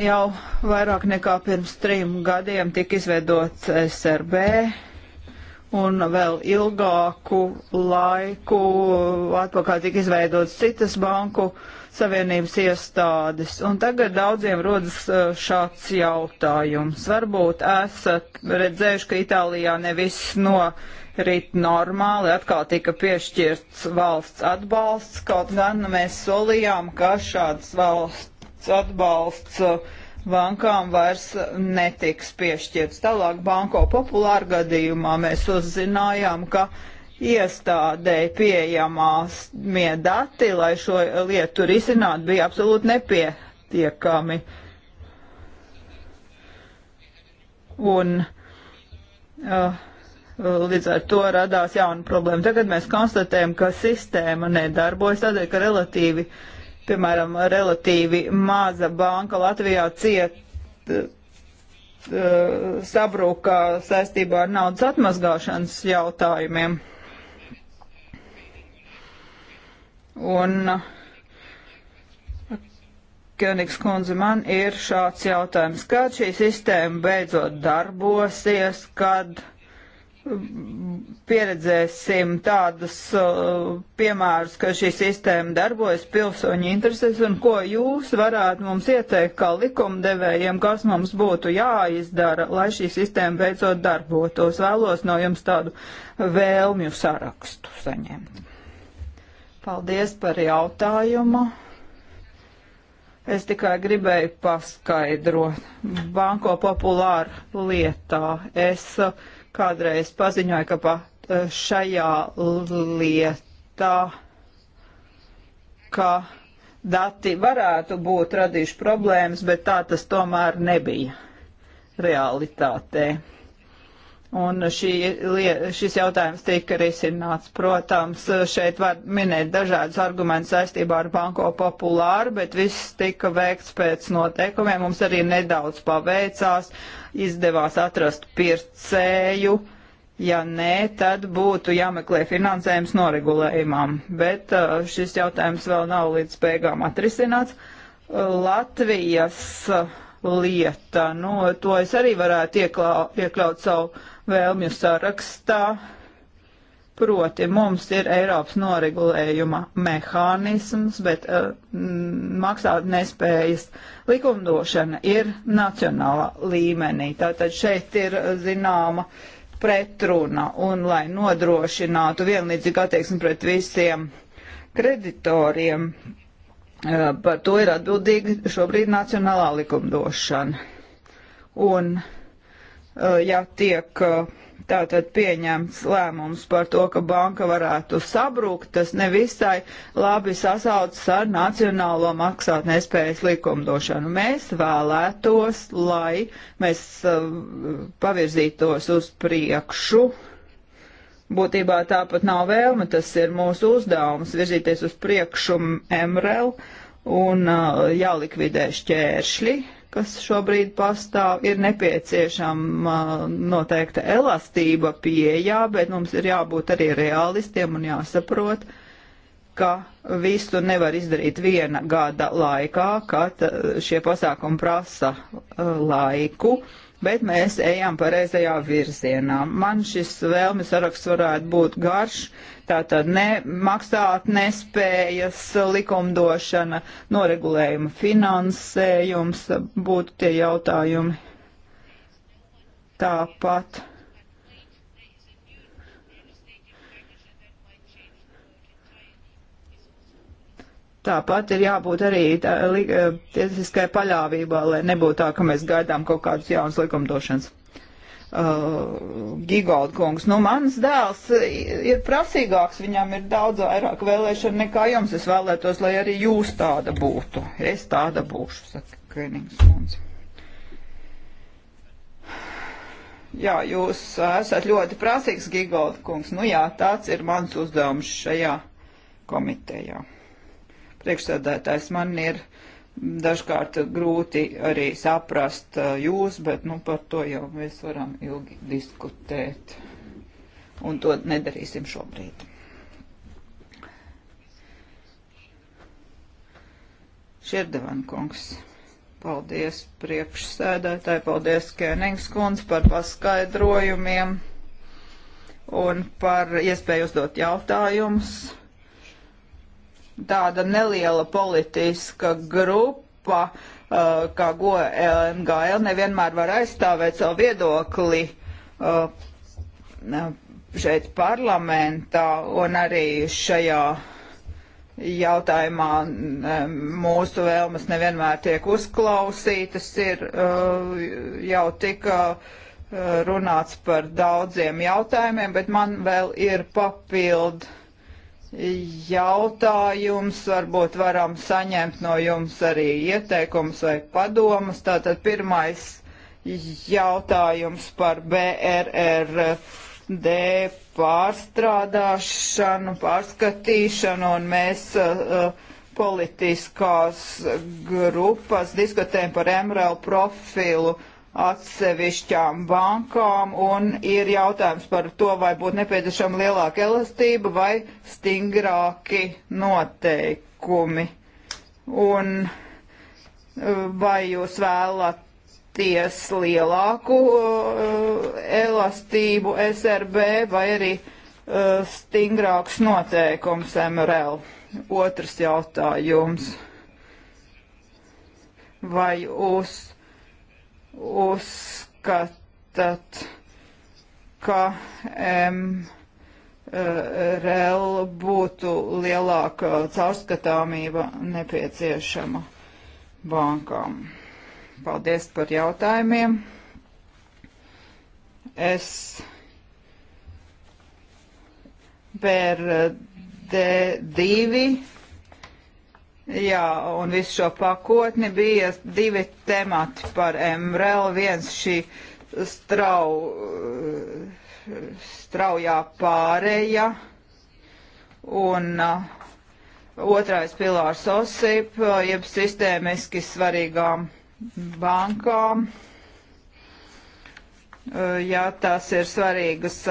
Jau vairāk nekā pirms trim gadiem tika izveidots SRB un vēl ilgāku laiku atpakaļ tika izveidots citas banku uh, Savienības iestādes. Un tagad daudziem rodas eh, šāds jautājums. Varbūt esat redzējuši, ka Itālijā nevis norit normāli, atkal tika piešķirts valsts atbalsts, kaut gan mēs solījām, ka šāds valsts atbalsts eh, bankām vairs netiks piešķirts. Tālāk banko populāru gadījumā mēs uzzinājām, ka iestādēji pieejamās mie dati, lai šo lietu risinātu, bija absolūti nepietiekami. Un uh, Līdz ar to radās jauna problēma. Tagad mēs konstatējam, ka sistēma nedarbojas tādēļ, ka relatīvi, piemēram, relatīvi maza banka Latvijā ciet uh, sabruka saistībā ar naudas atmazgāšanas jautājumiem. Un Kenigs kundze, man ir šāds jautājums. Kad šī sistēma beidzot darbosies, kad pieredzēsim tādus uh, piemērus, ka šī sistēma darbojas pilsoņu intereses un ko jūs varētu mums ieteikt kā likumdevējiem, kas mums būtu jāizdara, lai šī sistēma beidzot darbotos. Vēlos no jums tādu vēlmju sarakstu saņemt. Paldies par jautājumu. Es tikai gribēju paskaidrot. Banko populāru lietā es uh, kādreiz paziņoju, ka pa uh, šajā lietā, ka dati varētu būt radījuši problēmas, bet tā tas tomēr nebija realitātē. Un šī, šis jautājums tika risināts. Protams, šeit var minēt dažādus argumentus saistībā ar banko populāru, bet viss tika veikts pēc noteikumiem. Mums arī nedaudz paveicās, izdevās atrast pircēju. Ja nē, tad būtu jāmeklē finansējums noregulējumam. Bet uh, šis jautājums vēl nav līdz beigām atrisināts. Latvijas uh, lieta. Nu, to es arī varētu ieklau, iekļaut savu vēlmju sarakstā. Proti mums ir Eiropas noregulējuma mehānisms, bet uh, maksāt nespējas likumdošana ir nacionālā līmenī. Tātad šeit ir eh, zināma pretruna un lai nodrošinātu vienlīdzīgu attieksmi pret visiem kreditoriem, uh, par to ir atbildīga šobrīd nacionālā likumdošana. Un uh, Uh, ja tiek uh, tātad pieņemts lēmums par to, ka banka varētu sabrukt, tas nevisai labi sasaucas ar nacionālo maksātnespējas likumdošanu. Mēs vēlētos, lai mēs uh, pavirzītos uz priekšu. Būtībā tāpat nav vēlme, tas ir mūsu uzdevums virzīties uz priekšu MRL un jālikvidē šķēršļi kas šobrīd pastāv, ir nepieciešama noteikta elastība pieejā, bet mums ir jābūt arī realistiem un jāsaprot, ka visu nevar izdarīt viena gada laikā, ka eh, šie pasākumi prasa eh, laiku bet mēs ejam pareizajā virzienā. Man šis vēlmi saraksts varētu būt garš, tātad ne maksāt nespējas likumdošana, noregulējuma finansējums būtu tie jautājumi. Tāpat Tāpat ir jābūt arī tā, li, eh, tiesiskai paļāvībā, lai nebūtu tā, ka mēs gaidām kaut kādus jaunus likumdošanas. Uh, eh, Gigalda kungs, nu mans dēls eh, ir prasīgāks, viņam ir daudz vairāk vēlēšana nekā jums. Es vēlētos, lai arī jūs tāda būtu. Es tāda būšu, saka Kenings kungs. Jā, jūs esat ļoti prasīgs, Gigalda kungs. Nu jā, tāds ir mans uzdevums šajā komitejā priekšsēdētājs. Man ir dažkārt grūti arī saprast jūs, bet nu, par to jau mēs varam ilgi diskutēt. Un to nedarīsim šobrīd. Šerdevan kungs. Paldies priekšsēdētāji, paldies Kēnings kundz par paskaidrojumiem un par iespēju uzdot jautājumus tāda neliela politiska grupa, uh, kā GOLNGL, nevienmēr var aizstāvēt savu viedokli uh, šeit parlamentā un arī šajā jautājumā um, mūsu vēlmes nevienmēr tiek uzklausītas, ir uh, jau tika uh, runāts par daudziem jautājumiem, bet man vēl ir papildu jautājums, varbūt varam saņemt no jums arī ieteikums vai padomus. Tātad pirmais jautājums par BRRD pārstrādāšanu, pārskatīšanu, un mēs uh, politiskās grupas diskutējam par MRL profilu atsevišķām bankām, un ir jautājums par to, vai būtu nepieciešama lielāka elastība vai stingrāki noteikumi. Un eh, vai jūs vēlaties lielāku uh, elastību SRB vai arī uh, eh, stingrāks noteikums MRL? Otrs jautājums. Vai jūs uzskatāt, ka MRL būtu lielāka caurskatāmība nepieciešama bankām. Paldies par jautājumiem. Es BRD2 Jā, un visu šo pakotni bija divi temati par MRL. Viens šī strau, straujā pāreja un uh, otrais pilārs OSIP, uh, jeb sistēmiski svarīgām bankām. Uh, jā, tās ir svarīgas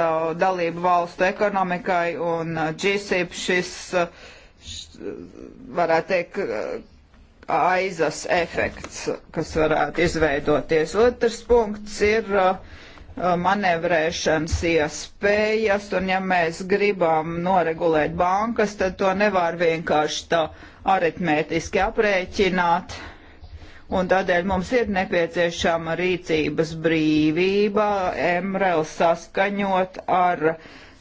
dalību valstu ekonomikai un GSIP šis. Uh, varētu teikt, uh, aizas efekts, kas varētu izveidoties. Otrs punkts ir uh, uh, manevrēšanas iespējas, un ja mēs gribam noregulēt bankas, tad to nevar vienkārši tā aritmētiski aprēķināt. Un tādēļ mums ir nepieciešama rīcības brīvība, MRL saskaņot ar uh,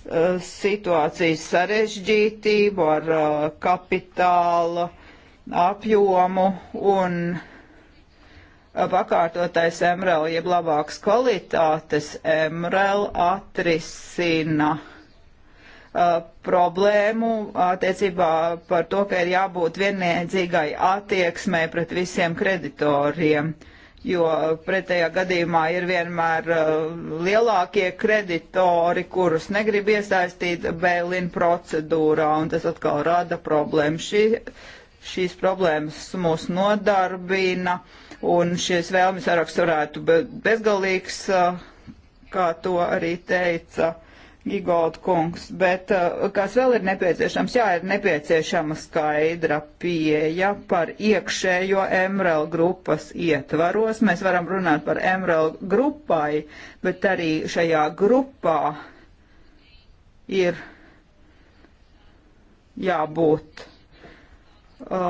Eh, situācijas sarežģītību, ar eh, kapitāla apjomu un eh, pakārtotais MRL, jeb labāks kvalitātes MRL atrisina uh, problēmu attiecībā par to, ka ir jābūt vienniedzīgai attieksmē pret visiem kreditoriem. Uh, jo pretējā gadījumā ir vienmēr uh, lielākie kreditori, kurus negrib iesaistīt bēlina procedūrā, un tas atkal rada problēmas. Šī, šīs problēmas mūs nodarbina, un šis vēlmes saraksts varētu bezgalīgs, uh, kā to arī teica Gigold kungs, bet uh, kas vēl ir nepieciešams? Jā, ir nepieciešama skaidra pieeja par iekšējo MRL grupas ietvaros. Mēs varam runāt par MRL grupai, bet arī šajā grupā ir jābūt uh,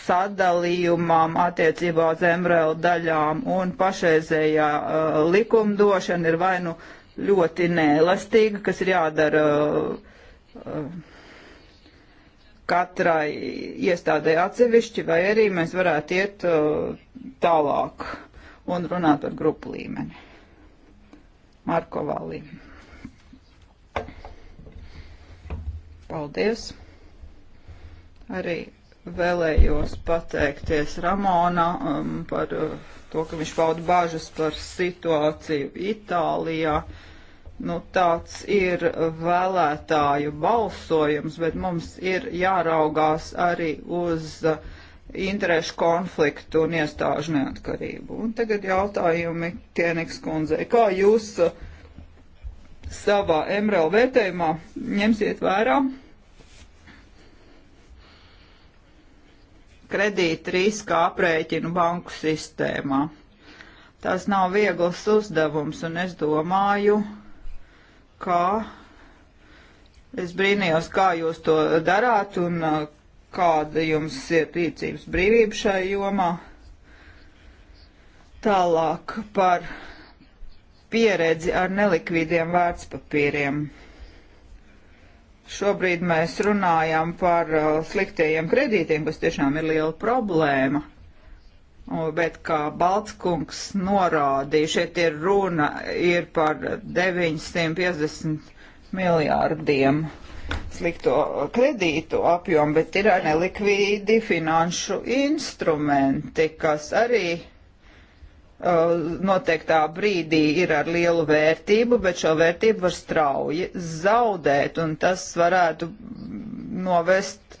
sadalījumam attiecībā uz MRL daļām un pašreizējā uh, likumdošana ir vai nu uh, ļoti nēlastīga, kas ir jādara uh, uh, katrai iestādē atsevišķi, vai arī mēs varētu iet uh, tālāk un runāt par grupu līmeni. Marko Valī. Paldies. Arī vēlējos pateikties Ramona um, par uh, to, ka viņš pauda bažas par situāciju Itālijā. Nu, tāds ir vēlētāju balsojums, bet mums ir jāraugās arī uz uh, interešu konfliktu un iestāžu neatkarību. Un tagad jautājumi Tieniks kundzei. Kā jūs uh, savā MRL vērtējumā ņemsiet vērā kredīta riska aprēķinu banku sistēmā. Tas nav viegls uzdevums, un es domāju, kā es brīnījos, kā jūs to darāt un uh, kāda jums ir rīcības brīvība šai jomā. Tālāk par pieredzi ar nelikvīdiem vērtspapīriem. Šobrīd mēs runājam par uh, sliktajiem kredītiem, kas tiešām ir liela problēma. Bet, kā Baltskungs norādīja, šeit ir runa ir par 950 miljārdiem slikto kredītu apjomu, bet ir arī likvīdi finanšu instrumenti, kas arī Eh, noteiktā brīdī ir ar lielu vērtību, bet šo vērtību var strauji zaudēt, un tas varētu novest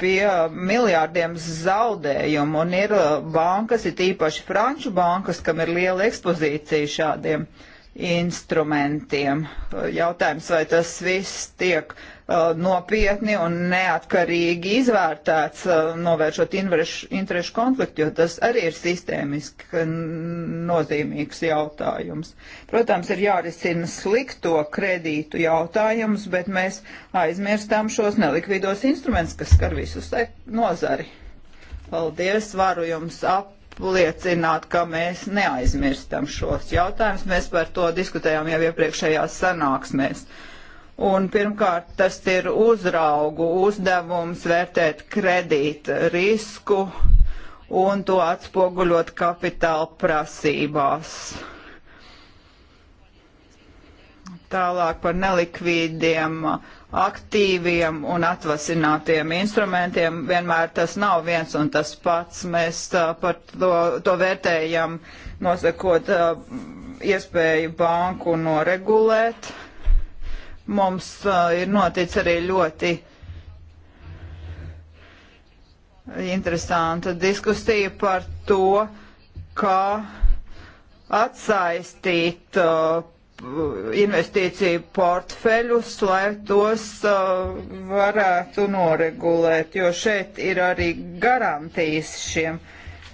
pie miljārdiem zaudējumu, un ir eh, bankas, ir īpaši franču bankas, kam ir liela ekspozīcija šādiem instrumentiem. Jautājums, vai tas viss tiek uh, Uh, nopietni un neatkarīgi izvērtēts, uh, novēršot interešu konfliktu, jo tas arī ir sistēmiski nozīmīgs jautājums. Protams, ir jārisina slikto kredītu jautājums, bet mēs aizmirstām šos nelikvidos instrumentus, kas skar visu nozari. Paldies, varu jums ap liecināt, ka mēs neaizmirstam šos jautājumus. Mēs par to diskutējām jau iepriekšējās sanāksmēs. Uh, Un pirmkārt, tas ir uzraugu uzdevums vērtēt kredīta risku un to atspoguļot kapitāla prasībās. Tālāk par nelikvīdiem aktīviem un atvasinātiem instrumentiem. Vienmēr tas nav viens un tas pats. Mēs par to, to vērtējam, nosakot iespēju banku noregulēt Mums uh, ir notic arī ļoti interesanta diskusija par to, kā atsaistīt uh, investīciju portfeļus, lai tos uh, varētu noregulēt, jo šeit ir arī garantijas šiem uh,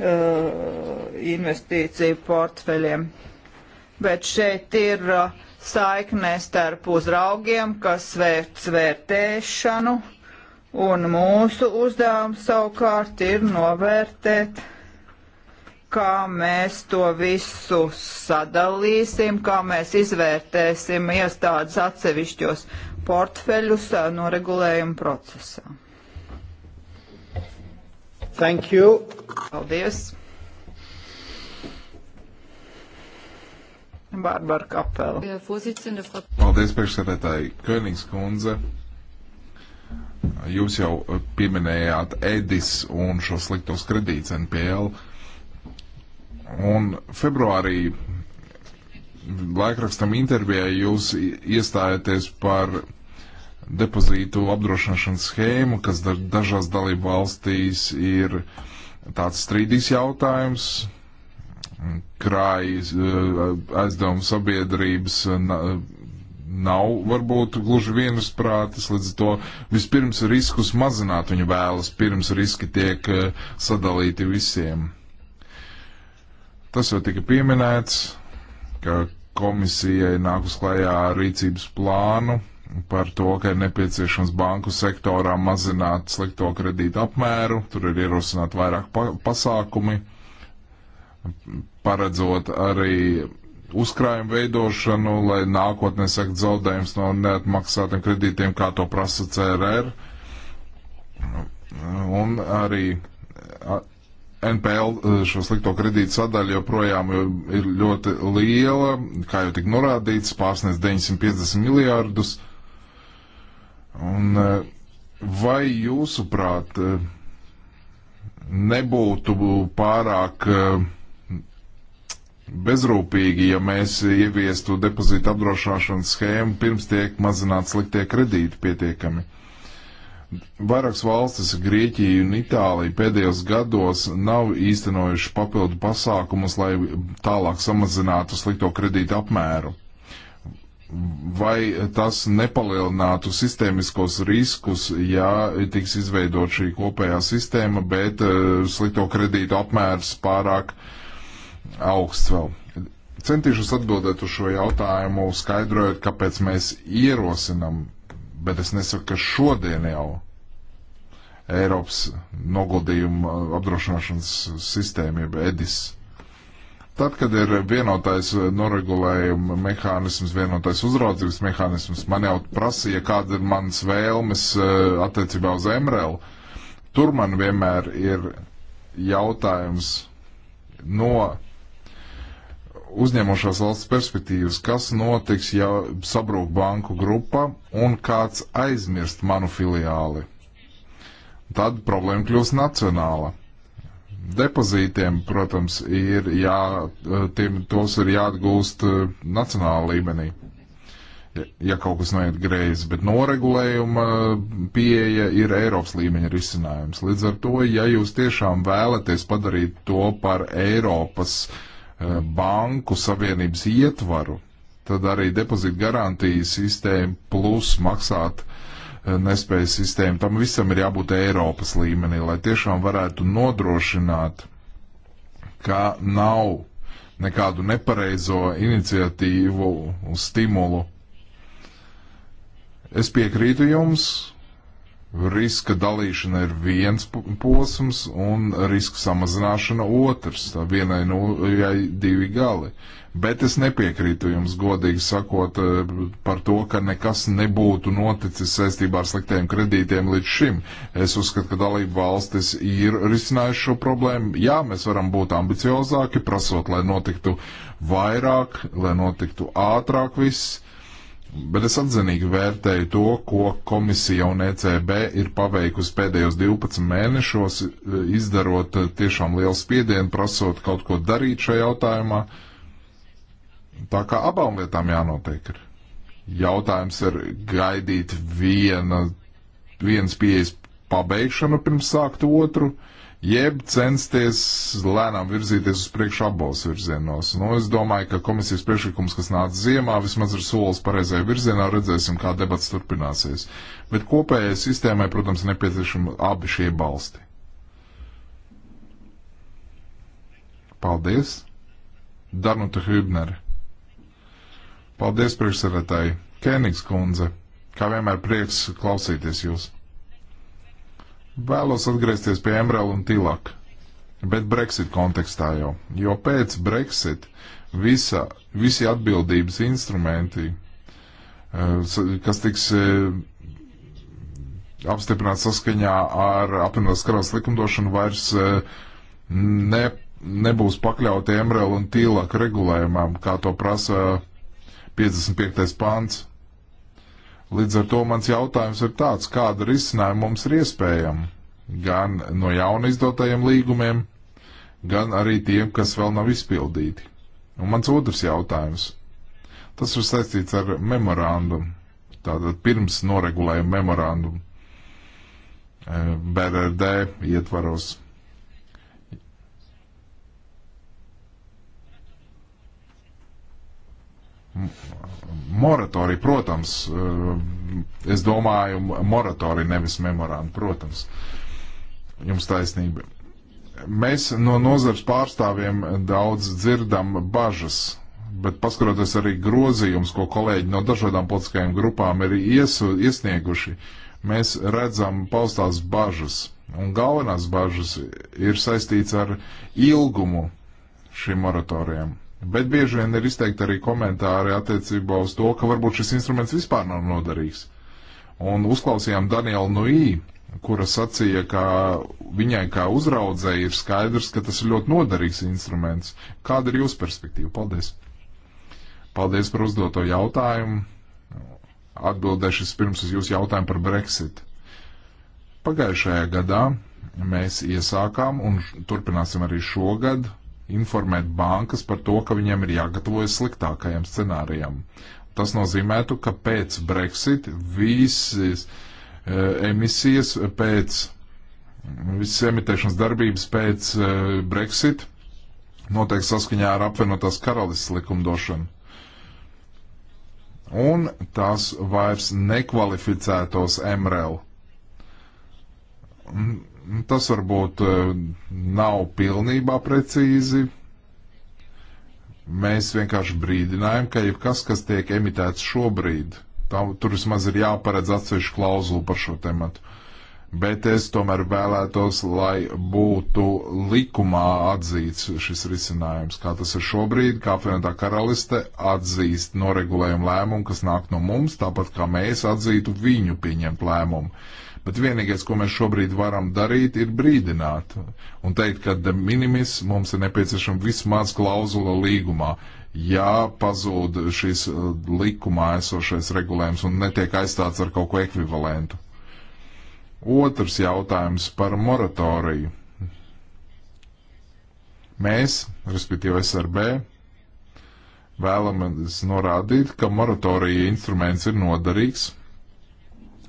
investīciju portfeļiem. Bet šeit ir uh, saiknē starp uzraugiem, kas vērts vērtēšanu, un mūsu uzdevums savukārt ir novērtēt, kā mēs to visu sadalīsim, kā mēs izvērtēsim iestādes atsevišķos portfeļus no regulējuma procesā. Thank you. Paldies. Bārbara Kapela. Paldies, priekšsēdētāji Königs kundze. Jūs jau eh, pieminējāt Edis un šo sliktos kredītus NPL. Un februārī laikrakstam intervijā jūs iestājaties par depozītu apdrošināšanas schēmu, kas dažās dalību valstīs ir tāds strīdīs jautājums, krājas eh, aizdevumu sabiedrības eh, eh, nav varbūt gluži vienas prātas, līdz to vispirms riskus mazināt viņa vēlas, pirms riski tiek sadalīti visiem. Tas jau tika pieminēts, ka komisijai nāk uz klajā rīcības plānu par to, ka ir nepieciešams banku sektorā mazināt slikto kredītu apmēru, tur ir ierosināti vairāk pa pasākumi paredzot arī uzkrājumu veidošanu, lai nākotnē sekt zaudējums no neatmaksātiem kredītiem, kā to prasa CRR. Un arī NPL e, šo slikto kredītu sadaļu joprojām ir ļoti liela, kā jau tik norādīts, pārsniedz 950 miljārdus. Un e, vai jūsuprāt e, nebūtu pārāk uh, bezrūpīgi, ja mēs ieviestu depozītu apdrošināšanas schēmu pirms tiek mazināti sliktie kredīti pietiekami. Vairākas valstis, Grieķija un Itālija, pēdējos gados nav īstenojuši papildu pasākumus, lai tālāk samazinātu slikto kredītu apmēru. Vai tas nepalielinātu sistēmiskos riskus, ja tiks izveidot šī kopējā sistēma, bet uh, slikto kredītu apmērs pārāk uh, augsts vēl. Centīšos atbildēt uz šo jautājumu, skaidrojot, kāpēc mēs ierosinam, bet es nesaku, ka šodien jau Eiropas noguldījuma apdrošināšanas sistēma, jeb EDIS. Tad, kad ir vienotais noregulējuma mehānisms, vienotais uzraudzības mehānisms, man jau prasīja, kāda ir mans vēlmes eh, attiecībā uz MRL. Tur man vienmēr ir jautājums no uzņemošās valsts perspektīvas, kas notiks, ja sabrūk banku grupa un kāds aizmirst manu filiāli. Tad problēma kļūst nacionāla. Depozītiem, protams, ir jā, tiem, tos ir jāatgūst eh, nacionāla līmenī, ja kaut kas noiet greizi, bet noregulējuma pieeja ir Eiropas līmeņa risinājums. Līdz ar to, ja jūs tiešām vēlaties padarīt to par Eiropas uh, Eh, banku savienības ietvaru, tad arī depozīta garantijas sistēma plus maksāt eh, nespējas sistēma, tam visam ir jābūt Eiropas līmenī, lai tiešām varētu nodrošināt, ka nav nekādu nepareizo iniciatīvu un stimulu. Es piekrītu jums, riska dalīšana ir viens posms un riska samazināšana otrs. Tā vienai nulai divi gali. Bet es nepiekrītu jums, godīgi sakot, eh, par to, ka nekas nebūtu noticis saistībā ar sliktiem kredītiem līdz šim. Es uzskatu, ka dalība valstis ir risinājuši šo problēmu. Jā, mēs varam būt ambiciozāki, prasot, lai notiktu vairāk, lai notiktu ātrāk viss Bet es atzinīgi vērtēju to, ko komisija un ECB ir paveikusi pēdējos 12 mēnešos, eh, izdarot eh, tiešām lielu spiedienu, prasot kaut ko darīt šajā jautājumā. Tā kā abām lietām jānotiek. Jautājums ir gaidīt viena, vienas pieejas pabeigšanu pirms sākt otru. Uh, jeb censties lēnām virzīties uz priekšu abos virzienos. Nu, es domāju, ka komisijas priekšlikums, kas nāca ziemā, vismaz ir solis pareizajā virzienā, redzēsim, kā debats turpināsies. Bet kopējai sistēmai, protams, ir nepieciešami abi šie balsti. Paldies! Darnuta Hübnere. Paldies, priekšsēdētāji! Kēnigs kundze, kā vienmēr prieks klausīties jūs! Vēlos atgriezties pie Emerald un Tilaka, bet Brexit kontekstā jau, jo pēc Brexit visa, visi atbildības instrumenti, eh, kas tiks eh, apstiprināts saskaņā ar apvienotās karalās likumdošanu, vairs eh, ne, nebūs pakļauti Emerald un Tilaka regulējumam, kā to prasa 55. pāns Līdz ar to mans jautājums ir tāds, kāda risinājuma mums ir iespējama gan no jauna izdotajiem līgumiem, gan arī tiem, kas vēl nav izpildīti. Un mans otrs jautājums. Tas ir saistīts ar memorandumu, tātad pirms noregulējuma memorandumu eh, BRD ietvaros. Moratorija, protams, eh, es domāju, moratorija nevis memorāna, protams, jums taisnība. Mēs no nozars pārstāvjiem daudz dzirdam bažas, bet paskatoties arī grozījums, ko kolēģi no dažādām politiskajām grupām ir iesu, iesnieguši, mēs redzam paustās bažas. Un galvenās bažas ir saistīts ar ilgumu šīm moratorijām. Bet bieži vien ir izteikti arī komentāri attiecībā uz to, ka varbūt šis instruments vispār nav noderīgs. Un uzklausījām Danielu Nui, kura sacīja, ka viņai kā uzraudzēji ir skaidrs, ka tas ir ļoti noderīgs instruments. Kāda ir jūsu perspektīva? Paldies! Paldies par uzdoto jautājumu. Atbildēšu pirms uz jūsu jautājumu par Brexit. Pagājušajā gadā mēs iesākām un turpināsim arī šogad informēt bankas par to, ka viņiem ir jāgatavojas sliktākajam scenārijam. Tas nozīmētu, ka pēc Brexit visas e, emisijas pēc visas emitēšanas darbības pēc e, Brexit notiek saskaņā ar apvienotās karalistas likumdošanu. Un tas vairs nekvalificētos MRL. Tas varbūt e, nav pilnībā precīzi. Mēs vienkārši brīdinājam, ka jebkas, kas tiek emitēts šobrīd, tam, tur vismaz ir jāparedz atsevišķu klauzulu par šo tematu. Bet es tomēr vēlētos, lai būtu likumā atzīts šis risinājums, kā tas ir šobrīd, kā apvienotā karaliste atzīst noregulējumu lēmumu, kas nāk no mums, tāpat kā mēs atzītu viņu pieņemt lēmumu Bet vienīgais, ko mēs šobrīd varam darīt, ir brīdināt un teikt, ka de minimis mums ir nepieciešama vismaz klauzula līgumā. Ja pazūd šis uh, likumā esošais regulējums un netiek aizstāts ar kaut ko ekvivalentu. Otrs jautājums par moratoriju. Mēs, respektīvi SRB, vēlamies norādīt, ka moratorija instruments ir noderīgs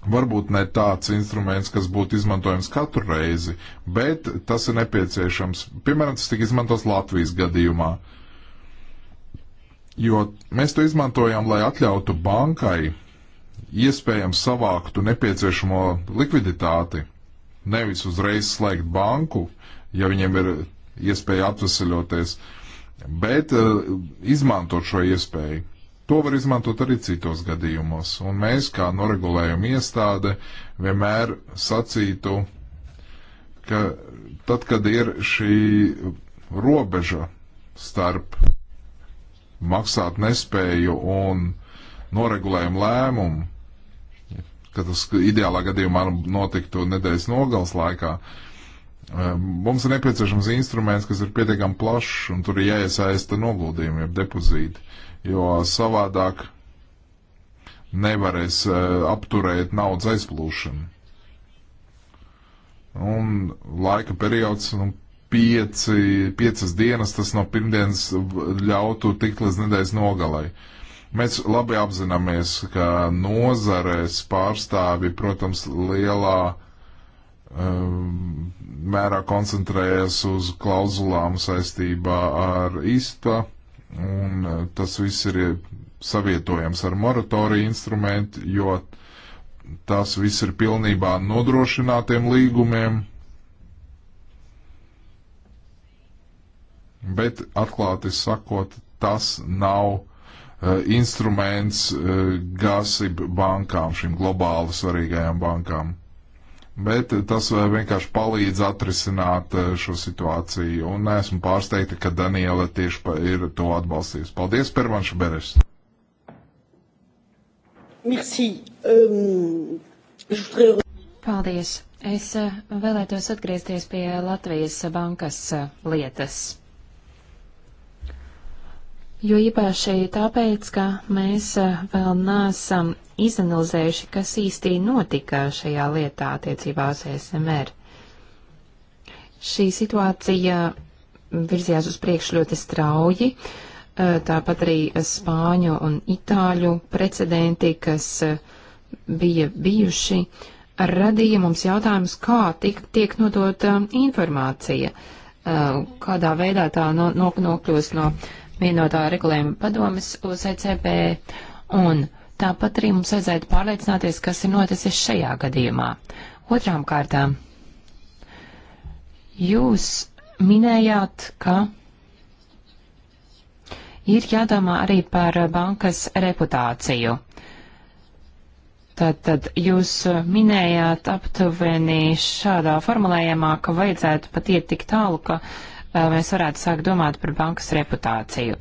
varbūt ne tāds instruments, kas būtu izmantojams katru reizi, bet tas ir nepieciešams. Piemēram, tas tika izmantos Latvijas gadījumā. Jo mēs to izmantojam, lai atļautu bankai iespējams savāktu nepieciešamo likviditāti, nevis uzreiz slēgt banku, ja viņiem ir iespēja atvesaļoties, bet uh, izmantot šo iespēju. To var izmantot arī citos gadījumos, un mēs, kā noregulējuma iestāde, vienmēr sacītu, ka tad, kad ir šī robeža starp maksāt nespēju un noregulējumu lēmumu, ka tas ideālā gadījumā notiktu nedēļas nogals laikā. Eh, mums ir nepieciešams instruments, kas ir pietiekami plašs, un tur ir jāiesaista noguldījumi, jeb depozīti jo savādāk nevarēs eh, apturēt naudas aizplūšanu. Un laika periods, nu, pieci, piecas dienas, tas no pirmdienas ļautu tikt līdz nedēļas nogalai. Mēs labi apzināmies, ka nozarēs pārstāvi, protams, lielā um, mērā koncentrējas uz klauzulām saistībā ar ISPA Un e, tas viss ir e, savietojams ar moratoriju instrumentu, jo tas viss ir pilnībā nodrošinātiem līgumiem. Bet atklāti sakot, tas nav uh, instruments uh, GASIB bankām, šīm globāli svarīgajām bankām. Bet tas eh, vienkārši palīdz atrisināt eh, šo situāciju. Un esmu pārsteigta, ka Daniela tieši ir to atbalstījusi. Paldies, Pervanš Beres. Merci. Um, Paldies. Es eh, vēlētos atgriezties pie Latvijas bankas lietas. Jo īpaši tāpēc, ka mēs eh, vēl neesam izanalizējuši, kas īstī notika šajā lietā attiecībā uz SMR. Šī situācija virzījās uz priekšu ļoti strauji, eh, tāpat arī spāņu un itāļu precedenti, kas eh, bija bijuši, radīja mums jautājumus, kā tiek, tiek nodota informācija, kādā veidā tā no, nokļūst no vienotā regulējuma padomas uz ECB, un tāpat arī mums vajadzētu pārliecināties, kas ir noticis šajā gadījumā. Otrām kārtām, jūs minējāt, ka ir jādomā arī par bankas reputāciju. Tātad jūs minējāt aptuveni šādā formulējumā, ka vajadzētu pat iet tik tālu, ka vēl mēs varētu sākt domāt par bankas reputāciju.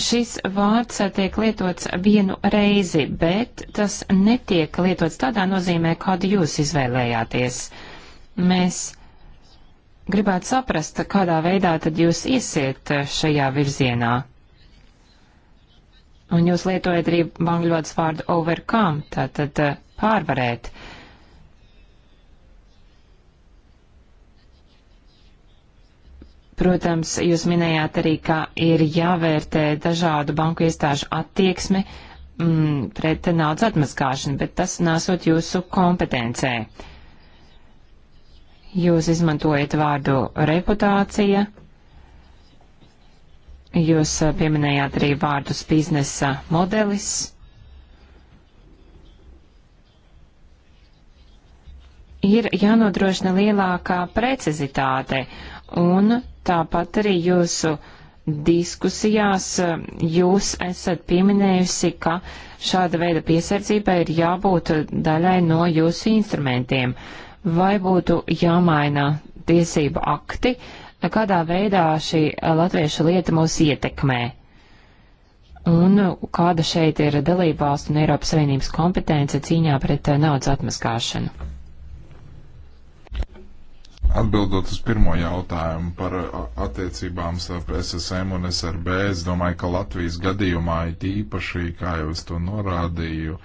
Šis vārds tiek lietots vienu reizi, bet tas netiek lietots tādā nozīmē, kādu jūs izvēlējāties. Mēs gribētu saprast, kādā veidā tad jūs iesiet šajā virzienā. Un jūs lietojat arī angļu vārdu overcome, tātad eh, pārvarēt. Protams, jūs minējāt arī, ka ir jāvērtē dažādu banku iestāžu attieksme mm, pret naudas atmaskāšanu, bet tas nesot jūsu kompetencē. Jūs izmantojat vārdu reputācija, jūs eh, pieminējāt arī vārdus biznesa modelis. ir jānodrošina lielākā precizitāte, un Tāpat arī jūsu diskusijās eh, jūs esat pieminējusi, ka šāda veida piesardzībai ir jābūt daļai no jūsu instrumentiem. Vai būtu jāmaina tiesību akti, kādā veidā šī latviešu lieta mūs ietekmē? Un kāda šeit ir dalībvalstu un Eiropas Savienības kompetence cīņā pret naudas atmaskāšanu? Atbildot uz pirmo jautājumu par uh, attiecībām starp SSM un SRB, es domāju, ka Latvijas gadījumā it īpaši, kā jau es to norādīju,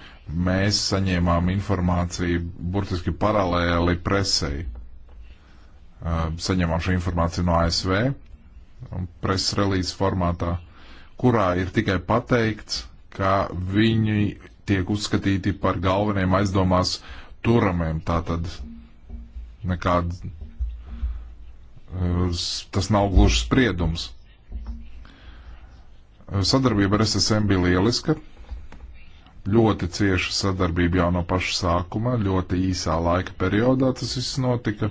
mēs saņēmām informāciju burtiski paralēli presei. Uh, saņēmām šo informāciju no ASV um, preses relīzes formātā, kurā ir tikai pateikts, ka viņi tiek uzskatīti par galveniem aizdomās turamiem. Tātad nekāda Eh, tas nav gluži spriedums. Eh, sadarbība ar SSM bija lieliska. Ļoti cieša sadarbība jau no paša sākuma, ļoti īsā laika periodā tas viss notika.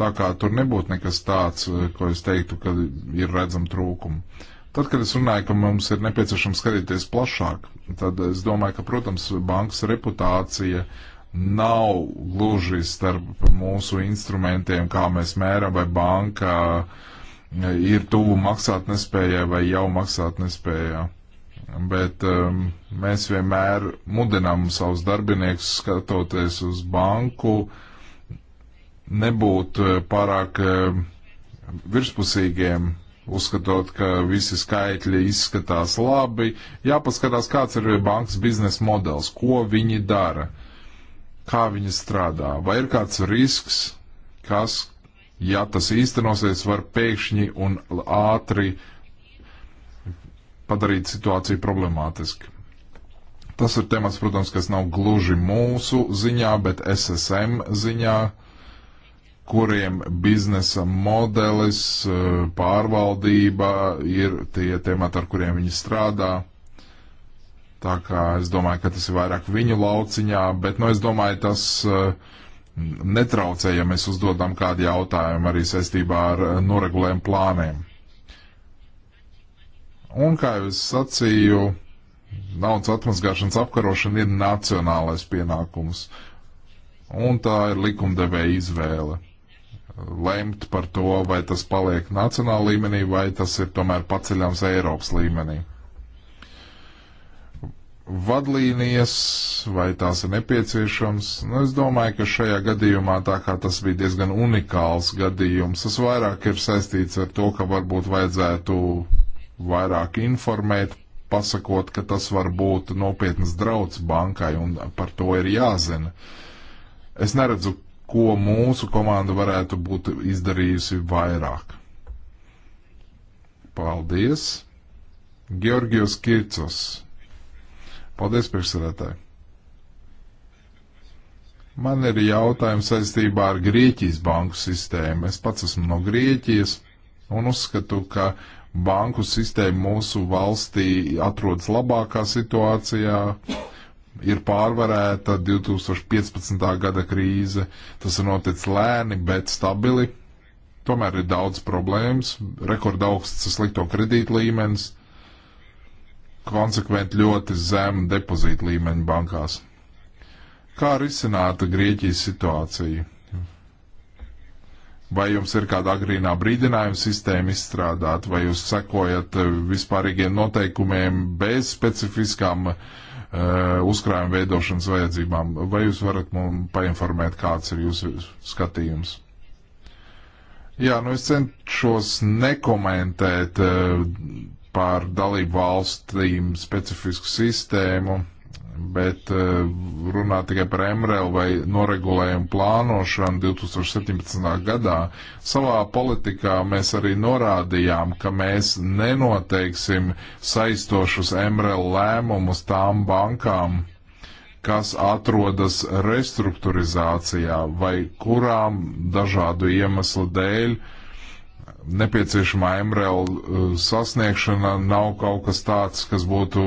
Tā kā tur nebūtu nekas tāds, eh, ko es teiktu, ka ir redzam trūkumu. Tad, kad es runāju, ka mums ir nepieciešams skatīties plašāk, tad es domāju, ka, protams, bankas reputācija uh, nav gluži starp mūsu instrumentiem, kā mēs mēram, vai banka ir tuvu maksāt nespējai vai jau maksāt nespējai. Bet um, mēs vienmēr mudinām savus darbiniekus skatoties uz banku, nebūt uh, pārāk uh, virspusīgiem, uzskatot, ka visi skaitļi izskatās labi. Jāpaskatās, kāds ir bankas biznesa modelis, ko viņi dara. Uh, kā viņi strādā. Vai ir kāds risks, kas, ja tas īstenosies, var pēkšņi un ātri padarīt situāciju problemātisku? Tas ir temats, protams, kas nav gluži mūsu ziņā, bet SSM ziņā, kuriem biznesa modelis, eh, pārvaldība ir tie temati, ar kuriem viņi strādā. Tā kā es domāju, ka tas ir vairāk viņu lauciņā, bet, nu, es domāju, tas eh, netraucē, ja mēs uzdodam kādu jautājumu arī saistībā ar eh, noregulējumu plāniem. Un, kā jau es sacīju, naudas atmazgāšanas apkarošana ir nacionālais pienākums. Un tā ir likumdevēja izvēle. Lemt par to, vai tas paliek nacionāla līmenī, vai tas ir tomēr paceļams Eiropas līmenī vadlīnijas, vai tās ir nepieciešams. Nu, es domāju, ka šajā gadījumā, tā kā tas bija diezgan unikāls gadījums, tas vairāk ir saistīts ar to, ka varbūt vajadzētu vairāk informēt, pasakot, ka tas var būt nopietnas drauds bankai un par to ir jāzina. Es neredzu, ko mūsu komanda varētu būt izdarījusi vairāk. Paldies! Georgios Kircos Paldies, priekšsēdētāji! Man ir jautājums saistībā ar Grieķijas banku sistēmu. Es pats esmu no Grieķijas un uzskatu, ka banku sistēma mūsu valstī atrodas labākā situācijā, ir pārvarēta 2015. gada krīze. Tas ir noticis lēni, bet stabili. Tomēr ir daudz problēmas, rekordaugs slikto kredītu līmenis konsekventi ļoti zemu depozītu līmeņu bankās. Kā risināta Grieķijas situācija? Vai jums ir kāda agrīnā brīdinājuma sistēma izstrādāta, vai jūs sekojat eh, vispārīgiem noteikumiem bez specifiskām uh, uzkrājuma veidošanas vajadzībām? Vai jūs varat mums painformēt, kāds ir jūsu skatījums? Jā, nu es cenšos nekomentēt uh, par dalību valstīm specifisku sistēmu, bet eh, runā tikai par MRL vai noregulējumu plānošanu 2017. gadā. Savā politikā mēs arī norādījām, ka mēs nenoteiksim saistošus MRL lēmumus tām bankām, kas atrodas restruktūrizācijā vai kurām dažādu iemeslu dēļ uh, nepieciešamā MRL uh, sasniegšana nav kaut kas tāds, kas būtu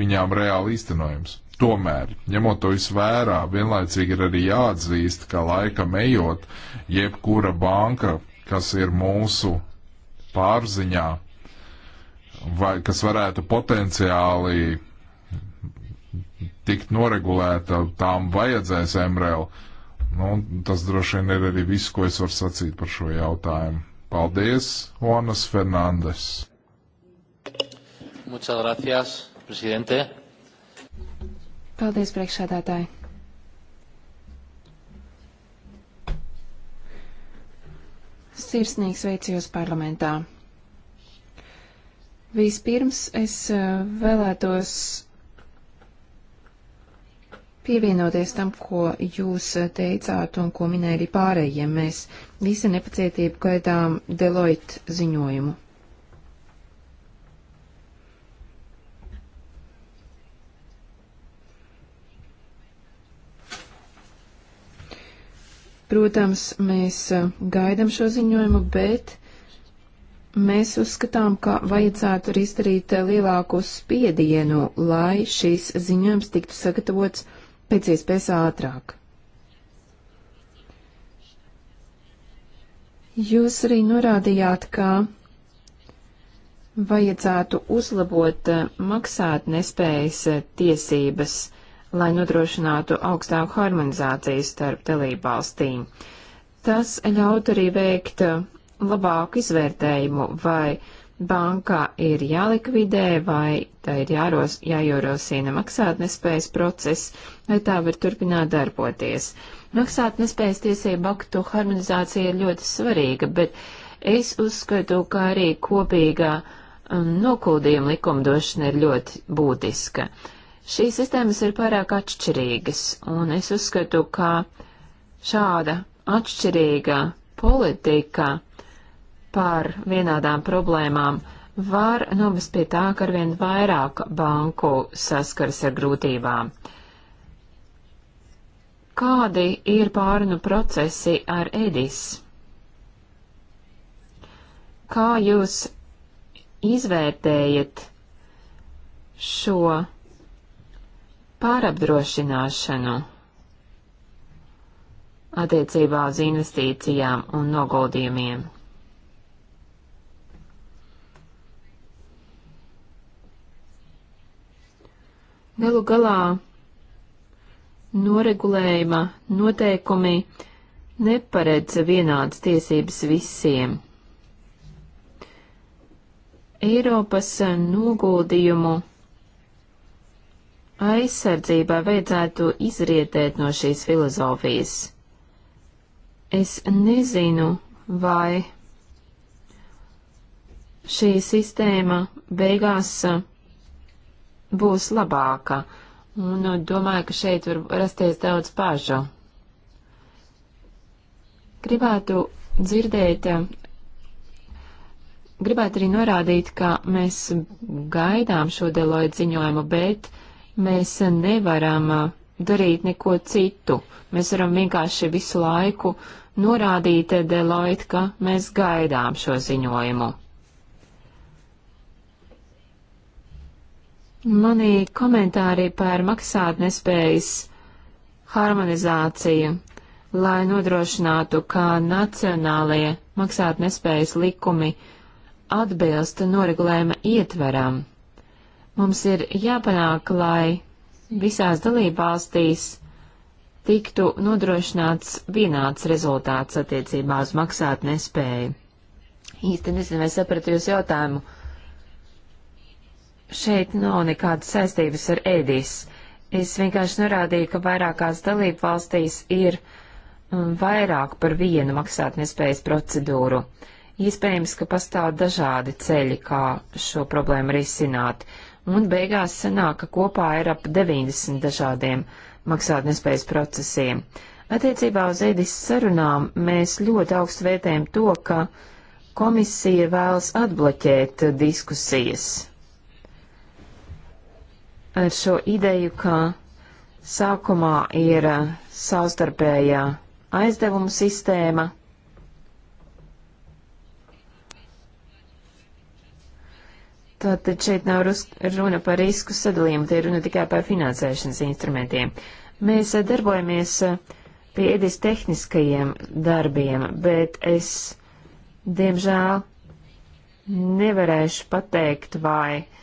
viņām reāli īstenojams. Tomēr, ņemot to visu vērā, vienlaicīgi ir arī jāatzīst, ka laika ejot, jebkura banka, kas ir mūsu pārziņā, vai kas varētu potenciāli tikt noregulēta, tām vajadzēs MRL. Nu, tas droši vien ir arī viss, ko es varu sacīt par šo jautājumu. Paldies, Juanas Fernandes. Muchas gracias, presidente. Paldies, priekšsēdētāji. Sirsnīgs veicījos parlamentā. Vispirms es eh, vēlētos pievienoties tam, ko jūs eh, teicāt un ko minēja arī pārējiem. Mēs Visa nepacietība gaidām Deloitte ziņojumu. Protams, mēs eh, gaidam šo ziņojumu, bet mēs uzskatām, ka vajadzētu arī izdarīt eh, lielāku spiedienu, lai šīs ziņojums tiktu sagatavots pēc iespējas ātrāk. Jūs arī norādījāt, ka vajadzētu uzlabot eh, maksāt nespējas eh, tiesības, lai nodrošinātu augstāku harmonizāciju starp dalībvalstīm. Tas ļaut arī veikt eh, labāku izvērtējumu, vai bankā ir jālikvidē, vai tā ir jāros, jāierosina maksāt nespējas process, vai tā var turpināt darboties. Uh, Maksātnespējas tiesību aktu harmonizācija ir ļoti svarīga, bet es uzskatu, ka arī kopīgā um, nokuldījuma likumdošana ir ļoti būtiska. Šīs sistēmas ir pārāk atšķirīgas, un es uzskatu, ka šāda atšķirīga politika par vienādām problēmām var novest pie tā, ka arvien vairāk banku saskaras ar grūtībām. Kādi ir pārunu procesi ar Edis? Kā jūs izvērtējat šo pārapdrošināšanu attiecībā uz investīcijām un noguldījumiem? Galu galā noregulējuma noteikumi neparedz vienādas tiesības visiem. Eiropas noguldījumu aizsardzībā vajadzētu izrietēt no šīs filozofijas. Es nezinu, vai šī sistēma beigās būs labāka. Uh, Un nu, domāju, ka šeit var rasties daudz pašu. Gribētu dzirdēt, gribētu arī norādīt, ka mēs gaidām šo Deloitte ziņojumu, bet mēs nevaram darīt neko citu. Mēs varam vienkārši visu laiku norādīt Deloitte, ka mēs gaidām šo ziņojumu. Mani komentāri par maksātnespējas harmonizāciju, lai nodrošinātu, ka nacionālie maksātnespējas likumi atbilst noregulējuma ietveram. Mums ir jāpanāk, lai visās dalībvalstīs tiktu nodrošināts vienāds rezultāts attiecībā uz maksāt nespēju. Īsti nezinu, vai sapratu jūs jautājumu. Šeit nav nekādas saistības ar ēdīs. Es vienkārši norādīju, ka vairākās dalību valstīs ir um, vairāk par vienu maksātnespējas procedūru. Iespējams, ka pastāv dažādi ceļi, kā šo problēmu risināt, un beigās sanāk, ka kopā ir ap 90 dažādiem maksātnespējas procesiem. Attiecībā uz ēdis sarunām mēs ļoti augstu vērtējam to, ka komisija vēlas atbloķēt diskusijas šo ideju, ka sākumā ir uh, savstarpējā aizdevuma sistēma. Tātad šeit nav runa par risku sadalījumu, te ir runa tikai par finansēšanas instrumentiem. Mēs uh, darbojamies uh, pie edis tehniskajiem darbiem, bet es, diemžēl, nevarēšu pateikt, vai uh,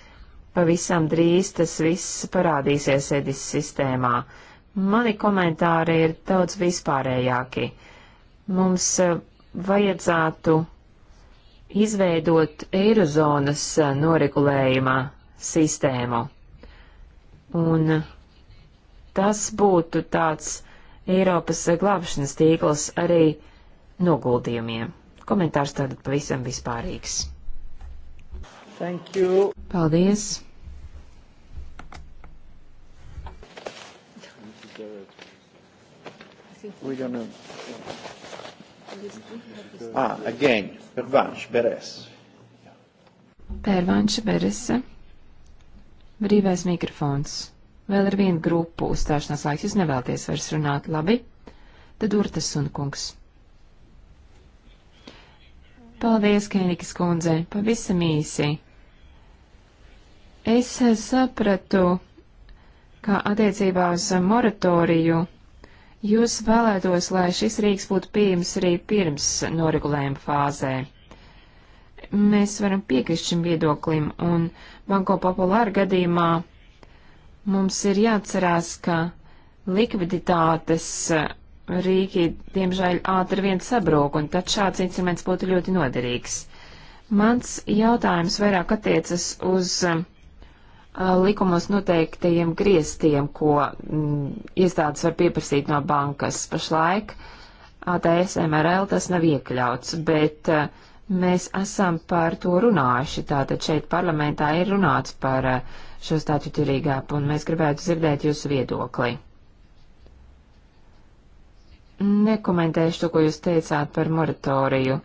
Pavisam drīz tas viss parādīsies edis sistēmā. Mani komentāri ir daudz vispārējāki. Mums eh, vajadzētu izveidot eirozonas eh, noregulējuma sistēmu. Un eh, tas būtu tāds Eiropas glābšanas tīkls arī noguldījumiem. Komentārs tātad pavisam vispārīgs. Thank you. Paldies. We don't know. Ah, again, Pervanš Beres. Pervanš Berese. Brīvais mikrofons. Vēl ir viena grupa uzstāšanās laiks, jūs nevēlaties vairs runāt, labi? Tad Urtas un kungs. Paldies, Kēnikas kundze, pavisam īsi. Es sapratu, ka attiecībā uz moratoriju jūs vēlētos, lai šis rīks būtu pieejams arī pirms noregulējuma fāzē. Mēs varam piekrist šim viedoklim, un Banko Populāra gadījumā mums ir jāatcerās, ka likviditātes rīki, diemžēl, ātri vien sabrūk, un tad šāds instruments būtu ļoti noderīgs. Mans jautājums vairāk attiecas uz likumos noteiktajiem griestiem, ko m, mm, iestādes var pieprasīt no bankas. Pašlaik ATS MRL tas nav iekļauts, bet a, mēs esam par to runājuši. Tātad šeit parlamentā ir runāts par a, šo statūtu Rīgāpu, un mēs gribētu dzirdēt jūsu viedokli. Nekomentēšu to, ko jūs teicāt par moratoriju.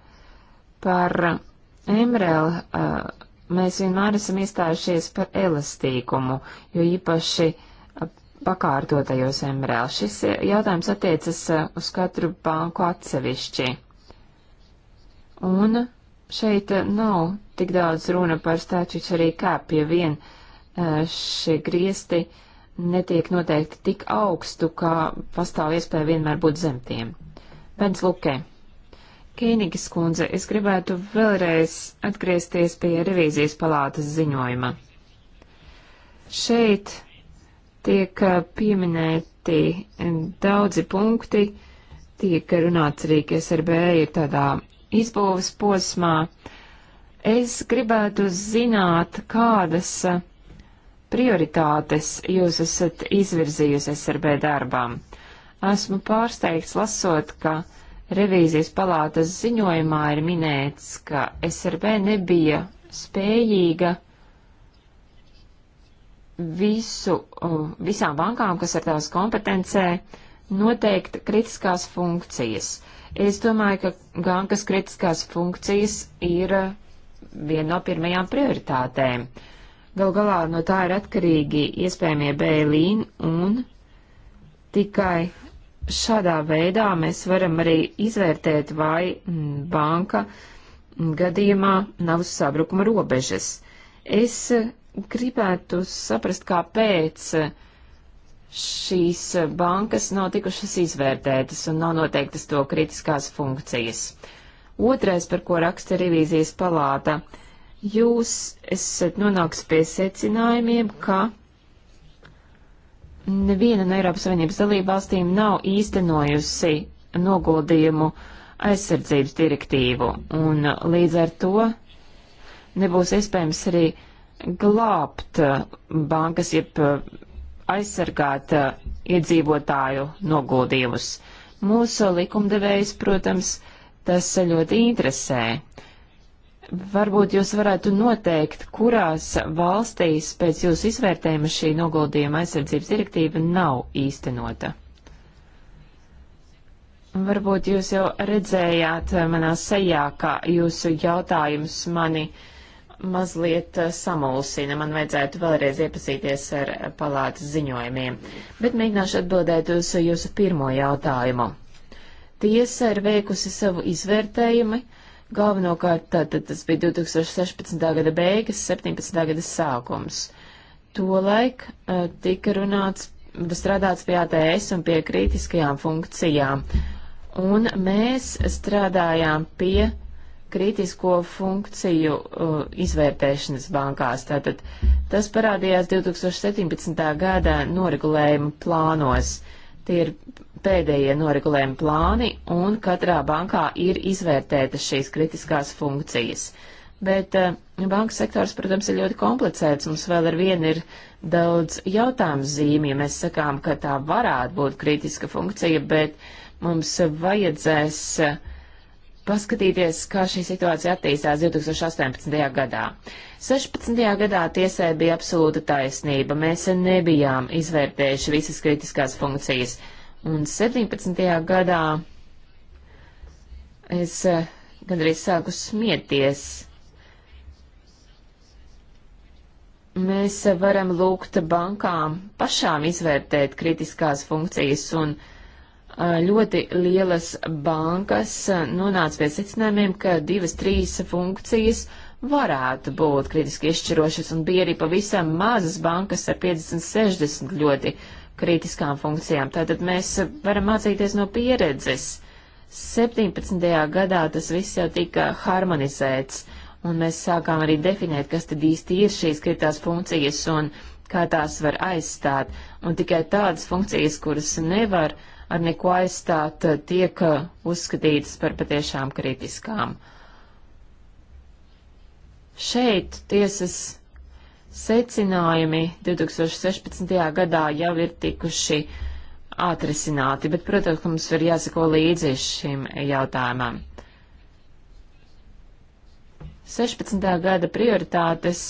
Par MRL uh, mēs vienmēr esam iestājušies par elastīgumu, jo īpaši pakārtotajos MRL. Šis jautājums attiecas uz katru banku atsevišķi. Un šeit nav tik daudz runa par statuču arī kāp, ja vien šie griesti netiek noteikti tik augstu, ka pastāv iespēja vienmēr būt zemtiem. Pēc lukē. Kēnigas kundze, es gribētu vēlreiz atgriezties pie revīzijas palātas ziņojuma. Šeit tiek eh, pieminēti eh, daudzi punkti, tiek runāts arī, ka SRB ir tādā izbūves posmā. Es gribētu zināt, kādas eh, prioritātes jūs esat izvirzījusi SRB darbām. Esmu pārsteigts lasot, ka Revīzijas palātas ziņojumā ir minēts, ka SRB nebija spējīga visu, visām bankām, kas ir tās kompetencē, noteikt kritiskās funkcijas. Es domāju, ka bankas kritiskās funkcijas ir viena no pirmajām prioritātēm. Gal galā no tā ir atkarīgi iespējamie bēlīni un tikai šādā veidā mēs varam arī izvērtēt, vai mm, banka mm, gadījumā nav sabrukuma robežas. Es mm, gribētu saprast, kāpēc šīs bankas nav tikušas izvērtētas un nav noteiktas to kritiskās funkcijas. Otrais, par ko raksta revīzijas palāta, jūs esat nonāks pie secinājumiem, ka neviena no Eiropas Savienības dalību valstīm nav īstenojusi noguldījumu aizsardzības direktīvu, un uh, līdz ar to nebūs iespējams arī glābt uh, bankas, jeb uh, aizsargāt iedzīvotāju noguldījumus. Mūsu likumdevējs, protams, tas ļoti interesē. Varbūt jūs varētu noteikt, kurās valstīs pēc jūsu izvērtējuma šī noguldījuma aizsardzības direktīva nav īstenota. Varbūt jūs jau redzējāt manā sejā, ka jūsu jautājums mani mazliet samulsina. Man vajadzētu vēlreiz iepazīties ar palātas ziņojumiem, bet mēģināšu atbildēt uz jūsu pirmo jautājumu. Tiesa ir veikusi savu izvērtējumu Galvenokārt tātad tas bija 2016. gada beigas, 17. gada sākums. Tolaik uh, tika runāts, strādāts pie ATS un pie kritiskajām funkcijām. Un mēs strādājām pie kritisko funkciju uh, izvērtēšanas bankās. Tātad tas parādījās 2017. gada noregulējuma plānos. Tie ir pēdējie noregulējuma plāni, un katrā bankā ir izvērtētas šīs kritiskās funkcijas. Bet uh, eh, bankas sektors, protams, ir ļoti komplicēts. Mums vēl ar vienu ir daudz jautājumu zīmju. Mēs sakām, ka tā varētu būt kritiska funkcija, bet mums vajadzēs eh, paskatīties, kā šī situācija attīstās 2018. gadā. 16. gadā tiesai bija absolūta taisnība. Mēs nebijām izvērtējuši visas kritiskās funkcijas. Un 17. gadā es eh, gandrīz sāku smieties. Mēs eh, varam lūgt bankām pašām izvērtēt kritiskās funkcijas, un eh, ļoti lielas bankas nonāca pie secinājumiem, ka divas, trīs funkcijas varētu būt kritiski izšķirošas, un bija arī pavisam mazas bankas ar 50, 60 ļoti kritiskām funkcijām. Tātad mēs varam mācīties no pieredzes. 17. gadā tas viss jau tika harmonizēts, un mēs sākām arī definēt, kas tad īsti ir šīs kritās funkcijas un kā tās var aizstāt. Un tikai tādas funkcijas, kuras nevar ar neko aizstāt, tiek uh, uzskatītas par patiešām kritiskām. Šeit tiesas secinājumi 2016. gadā jau ir tikuši atrisināti, bet, protams, ka mums ir jāsako līdzi šim jautājumam. 16. gada prioritātes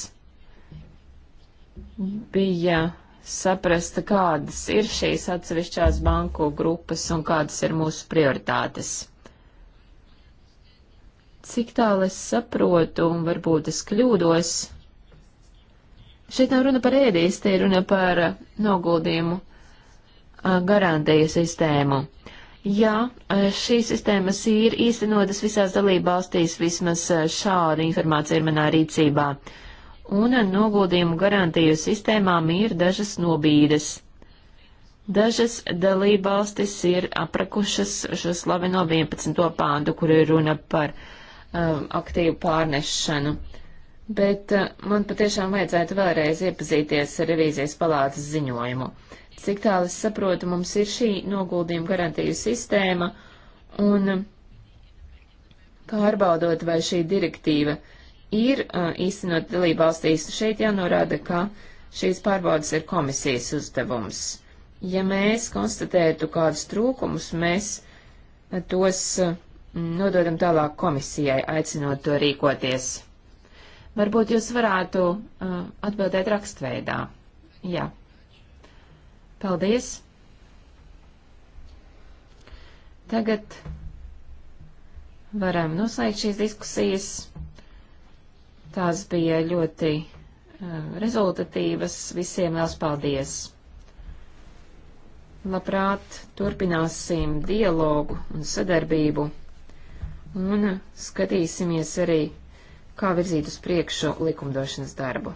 bija saprast, kādas ir šīs atsevišķās banku grupas un kādas ir mūsu prioritātes. Cik tālu es saprotu, un varbūt es kļūdos, Šeit nav runa par ēdīs, te ir runa par noguldījumu garantēju sistēmu. Jā, šīs sistēmas ir īstenotas visās dalībvalstīs, vismaz šāda informācija ir manā rīcībā. Un noguldījumu garantēju sistēmām ir dažas nobīdes. Dažas dalībvalstis ir aprakušas šo slaveno 11. pāntu, kur ir runa par um, aktīvu pārnešanu. Uh, bet eh, man patiešām vajadzētu vēlreiz iepazīties ar revīzijas palātas ziņojumu. Cik tālu es saprotu, mums ir šī noguldījuma garantiju sistēma, un eh, pārbaudot, vai šī direktīva ir uh, īstenot dalībvalstīs, šeit jānorāda, ka šīs pārbaudas ir komisijas uzdevums. Ja mēs konstatētu kādus trūkumus, mēs tos nododam tālāk komisijai, aicinot to rīkoties. Varbūt jūs varētu uh, atbildēt rakstveidā. Jā. Paldies. Tagad varam noslēgt šīs diskusijas. Tās bija ļoti uh, rezultatīvas. Visiem liels paldies! Labprāt, turpināsim dialogu un sadarbību un skatīsimies arī kā virzīt uz priekšu likumdošanas darbu.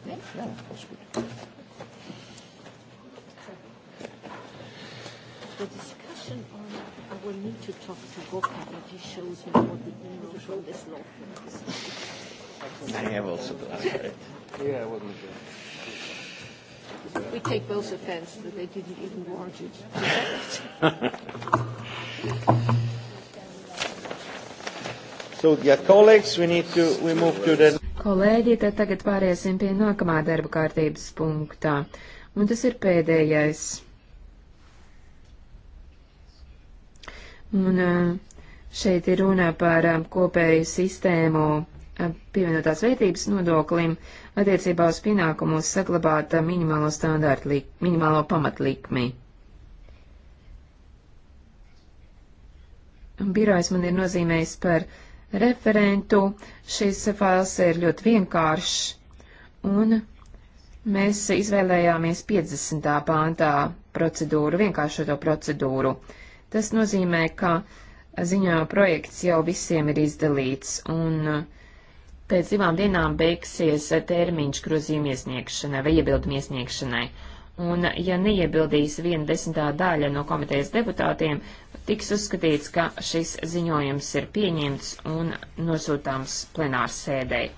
The discussion on I will need to talk to Goka, but he shows me what the email from this law firm is. I have also done it. Yeah, I wasn't sure. We take both offense that they didn't even warrant it. So, yeah, colleagues, we need to, we move to the... Kolēģi, tad tagad pāriesim pie nākamā darba kārtības punktā. Un tas ir pēdējais. Un eh, šeit ir runa par eh, kopēju sistēmu eh, pievienotās vērtības nodoklim attiecībā uz pienākumus saglabāt minimālo standārtu, minimālo pamatlikmi. Birojs man ir nozīmējis par referentu. Šis fails ir ļoti vienkāršs, un mēs izvēlējāmies 50. pāntā procedūru, vienkāršoto procedūru. Tas nozīmē, ka ziņojuma projekts jau visiem ir izdalīts, un pēc divām dienām beigsies termiņš grozījuma iesniegšanai vai iebildumu iesniegšanai un ja neiebildīs viena desmitā daļa no komitejas deputātiem, tiks uzskatīts, ka šis ziņojums ir pieņemts un nosūtāms plenārs sēdēji.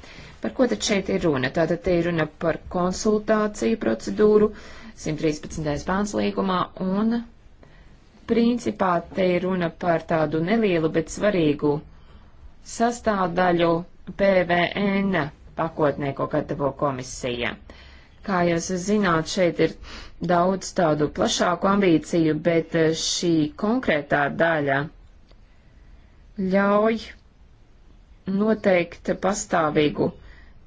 Par ko tad šeit ir runa? Tātad te ir runa par konsultāciju procedūru 113. pāns līgumā un principā te ir runa par tādu nelielu, bet svarīgu sastāvdaļu PVN pakotnē, ko gatavo komisija. Uh, Kā jūs zināt, šeit ir daudz tādu plašāku ambīciju, bet eh, šī konkrētā daļa ļauj noteikt pastāvīgu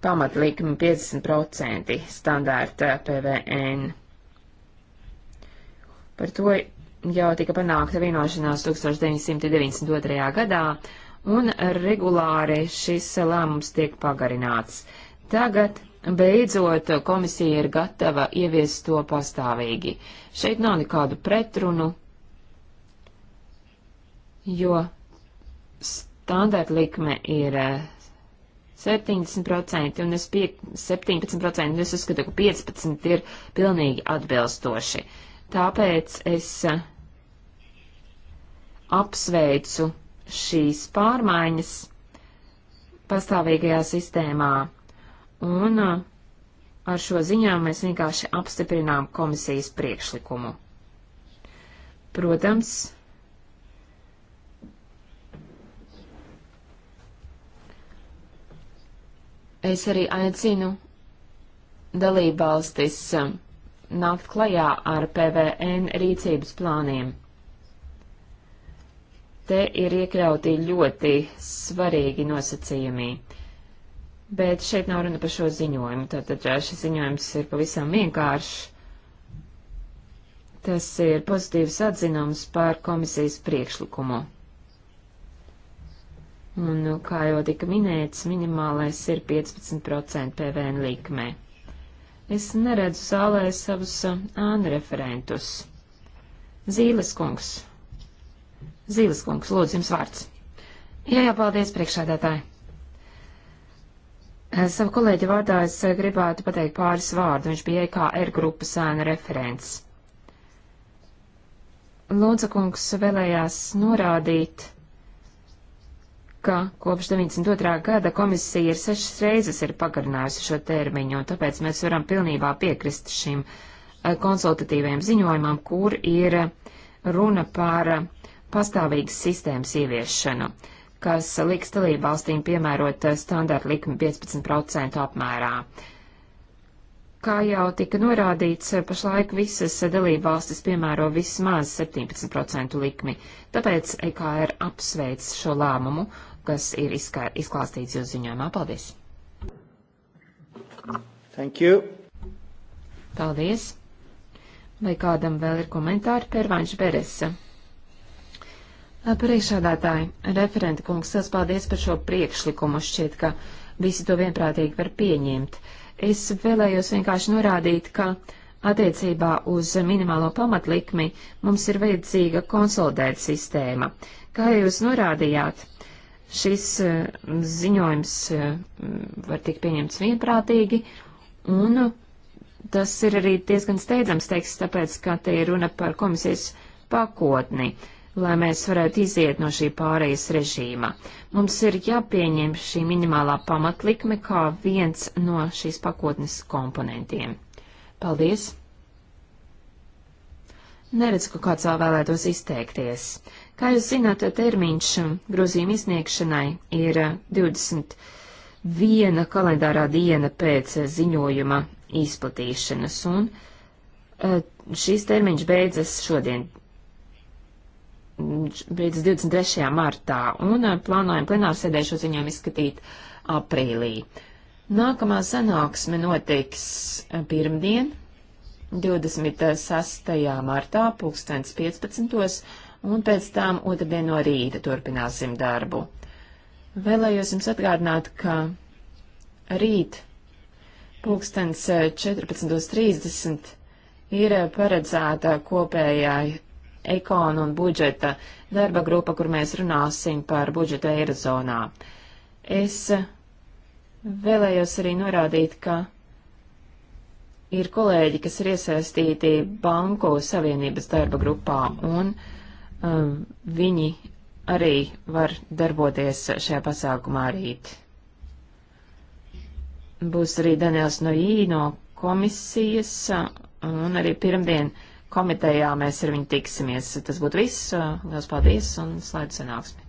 pamatlikumu 50% standārta eh, PVN. Par to jau tika panākta vienošanās 1992. gadā, un regulāri šis lēmums tiek pagarināts. Tagad Beidzot, komisija ir gatava ieviest to pastāvīgi. Šeit nav nekādu pretrunu, jo standarta likme ir 70%, eh, un es pie, 17%, un es uzskatu, ka 15% ir pilnīgi atbilstoši. Tāpēc es eh, apsveicu šīs pārmaiņas pastāvīgajā sistēmā un uh, ar šo ziņām mēs vienkārši apstiprinām komisijas priekšlikumu. Protams, es arī aicinu dalībvalstis um, nākt klajā ar PVN rīcības plāniem. Te ir iekļauti ļoti svarīgi nosacījumi. Bet šeit nav runa par šo ziņojumu. Tātad šis ziņojums ir pavisam vienkāršs. Tas ir pozitīvs atzinums par komisijas priekšlikumu. Un, nu, kā jau tika minēts, minimālais ir 15% PVN likmē. Es neredzu zālē savus ānu referentus. Zīles kungs. Zīles kungs, lūdzu, jums vārds. Jā, jā, paldies, priekšādātāji. Savu kolēģi vārdā es eh, gribētu pateikt pāris vārdu. Viņš bija EKR grupas ēna referents. Lūdzakungs vēlējās norādīt, ka kopš 92. gada komisija ir sešas reizes ir pagarinājusi šo termiņu, un tāpēc mēs varam pilnībā piekrist šim eh, konsultatīvajam ziņojumam, kur ir runa par eh, pastāvīgas sistēmas ieviešanu kas liks dalībvalstīm piemērot eh, standarta likmi 15% apmērā. Kā jau tika norādīts, eh, pašlaik visas dalībvalstis piemēro vismaz 17% likmi, tāpēc EKR apsveic šo lēmumu, kas ir izkā, izklāstīts jūsu ziņojumā. Paldies! Thank you! Paldies! Vai kādam vēl ir komentāri? Pērvāņš Beresa. Priekšādātāji, referenta kungs, tas paldies par šo priekšlikumu. Šķiet, ka visi to vienprātīgi var pieņemt. Es vēlējos vienkārši norādīt, ka attiecībā uz minimālo pamatlikmi mums ir vajadzīga konsolidēta sistēma. Kā jūs norādījāt, šis eh, ziņojums eh, var tikt pieņemts vienprātīgi, un tas ir arī diezgan steidzams teksts, tāpēc, ka te ir runa par komisijas pakotni. Uh, lai mēs varētu iziet no šī pārejas režīma. Mums ir jāpieņem šī minimālā pamatlikme kā viens no šīs pakotnes komponentiem. Paldies! Neredz, ka kāds vēl vēlētos izteikties. Kā jūs zināt, termiņš grozījuma izsniegšanai ir 21 kalendārā diena pēc ziņojuma izplatīšanas, un eh, šīs termiņš beidzas šodien, līdz 23. martā un eh, plānojam plenārsēdē šo ziņojumu izskatīt aprīlī. Nākamā sanāksme notiks eh, pirmdien, 26. martā, 2015. un pēc tām otrdien no rīta turpināsim darbu. Vēlējos jums atgādināt, ka rīt, 2014.30 eh, ir paredzēta kopējai ekona un budžeta darba grupa, kur mēs runāsim par budžetu Eirozonā. Es vēlējos arī norādīt, ka ir kolēģi, kas ir iesaistīti Banku Savienības darba grupā, un um, viņi arī var darboties šajā pasākumā rīt. Būs arī Daniels Noī no komisijas, un arī pirmdien uh, komitejā mēs ar viņu tiksimies. Tas būtu viss. Lielas paldies un slēdz sanāksmi.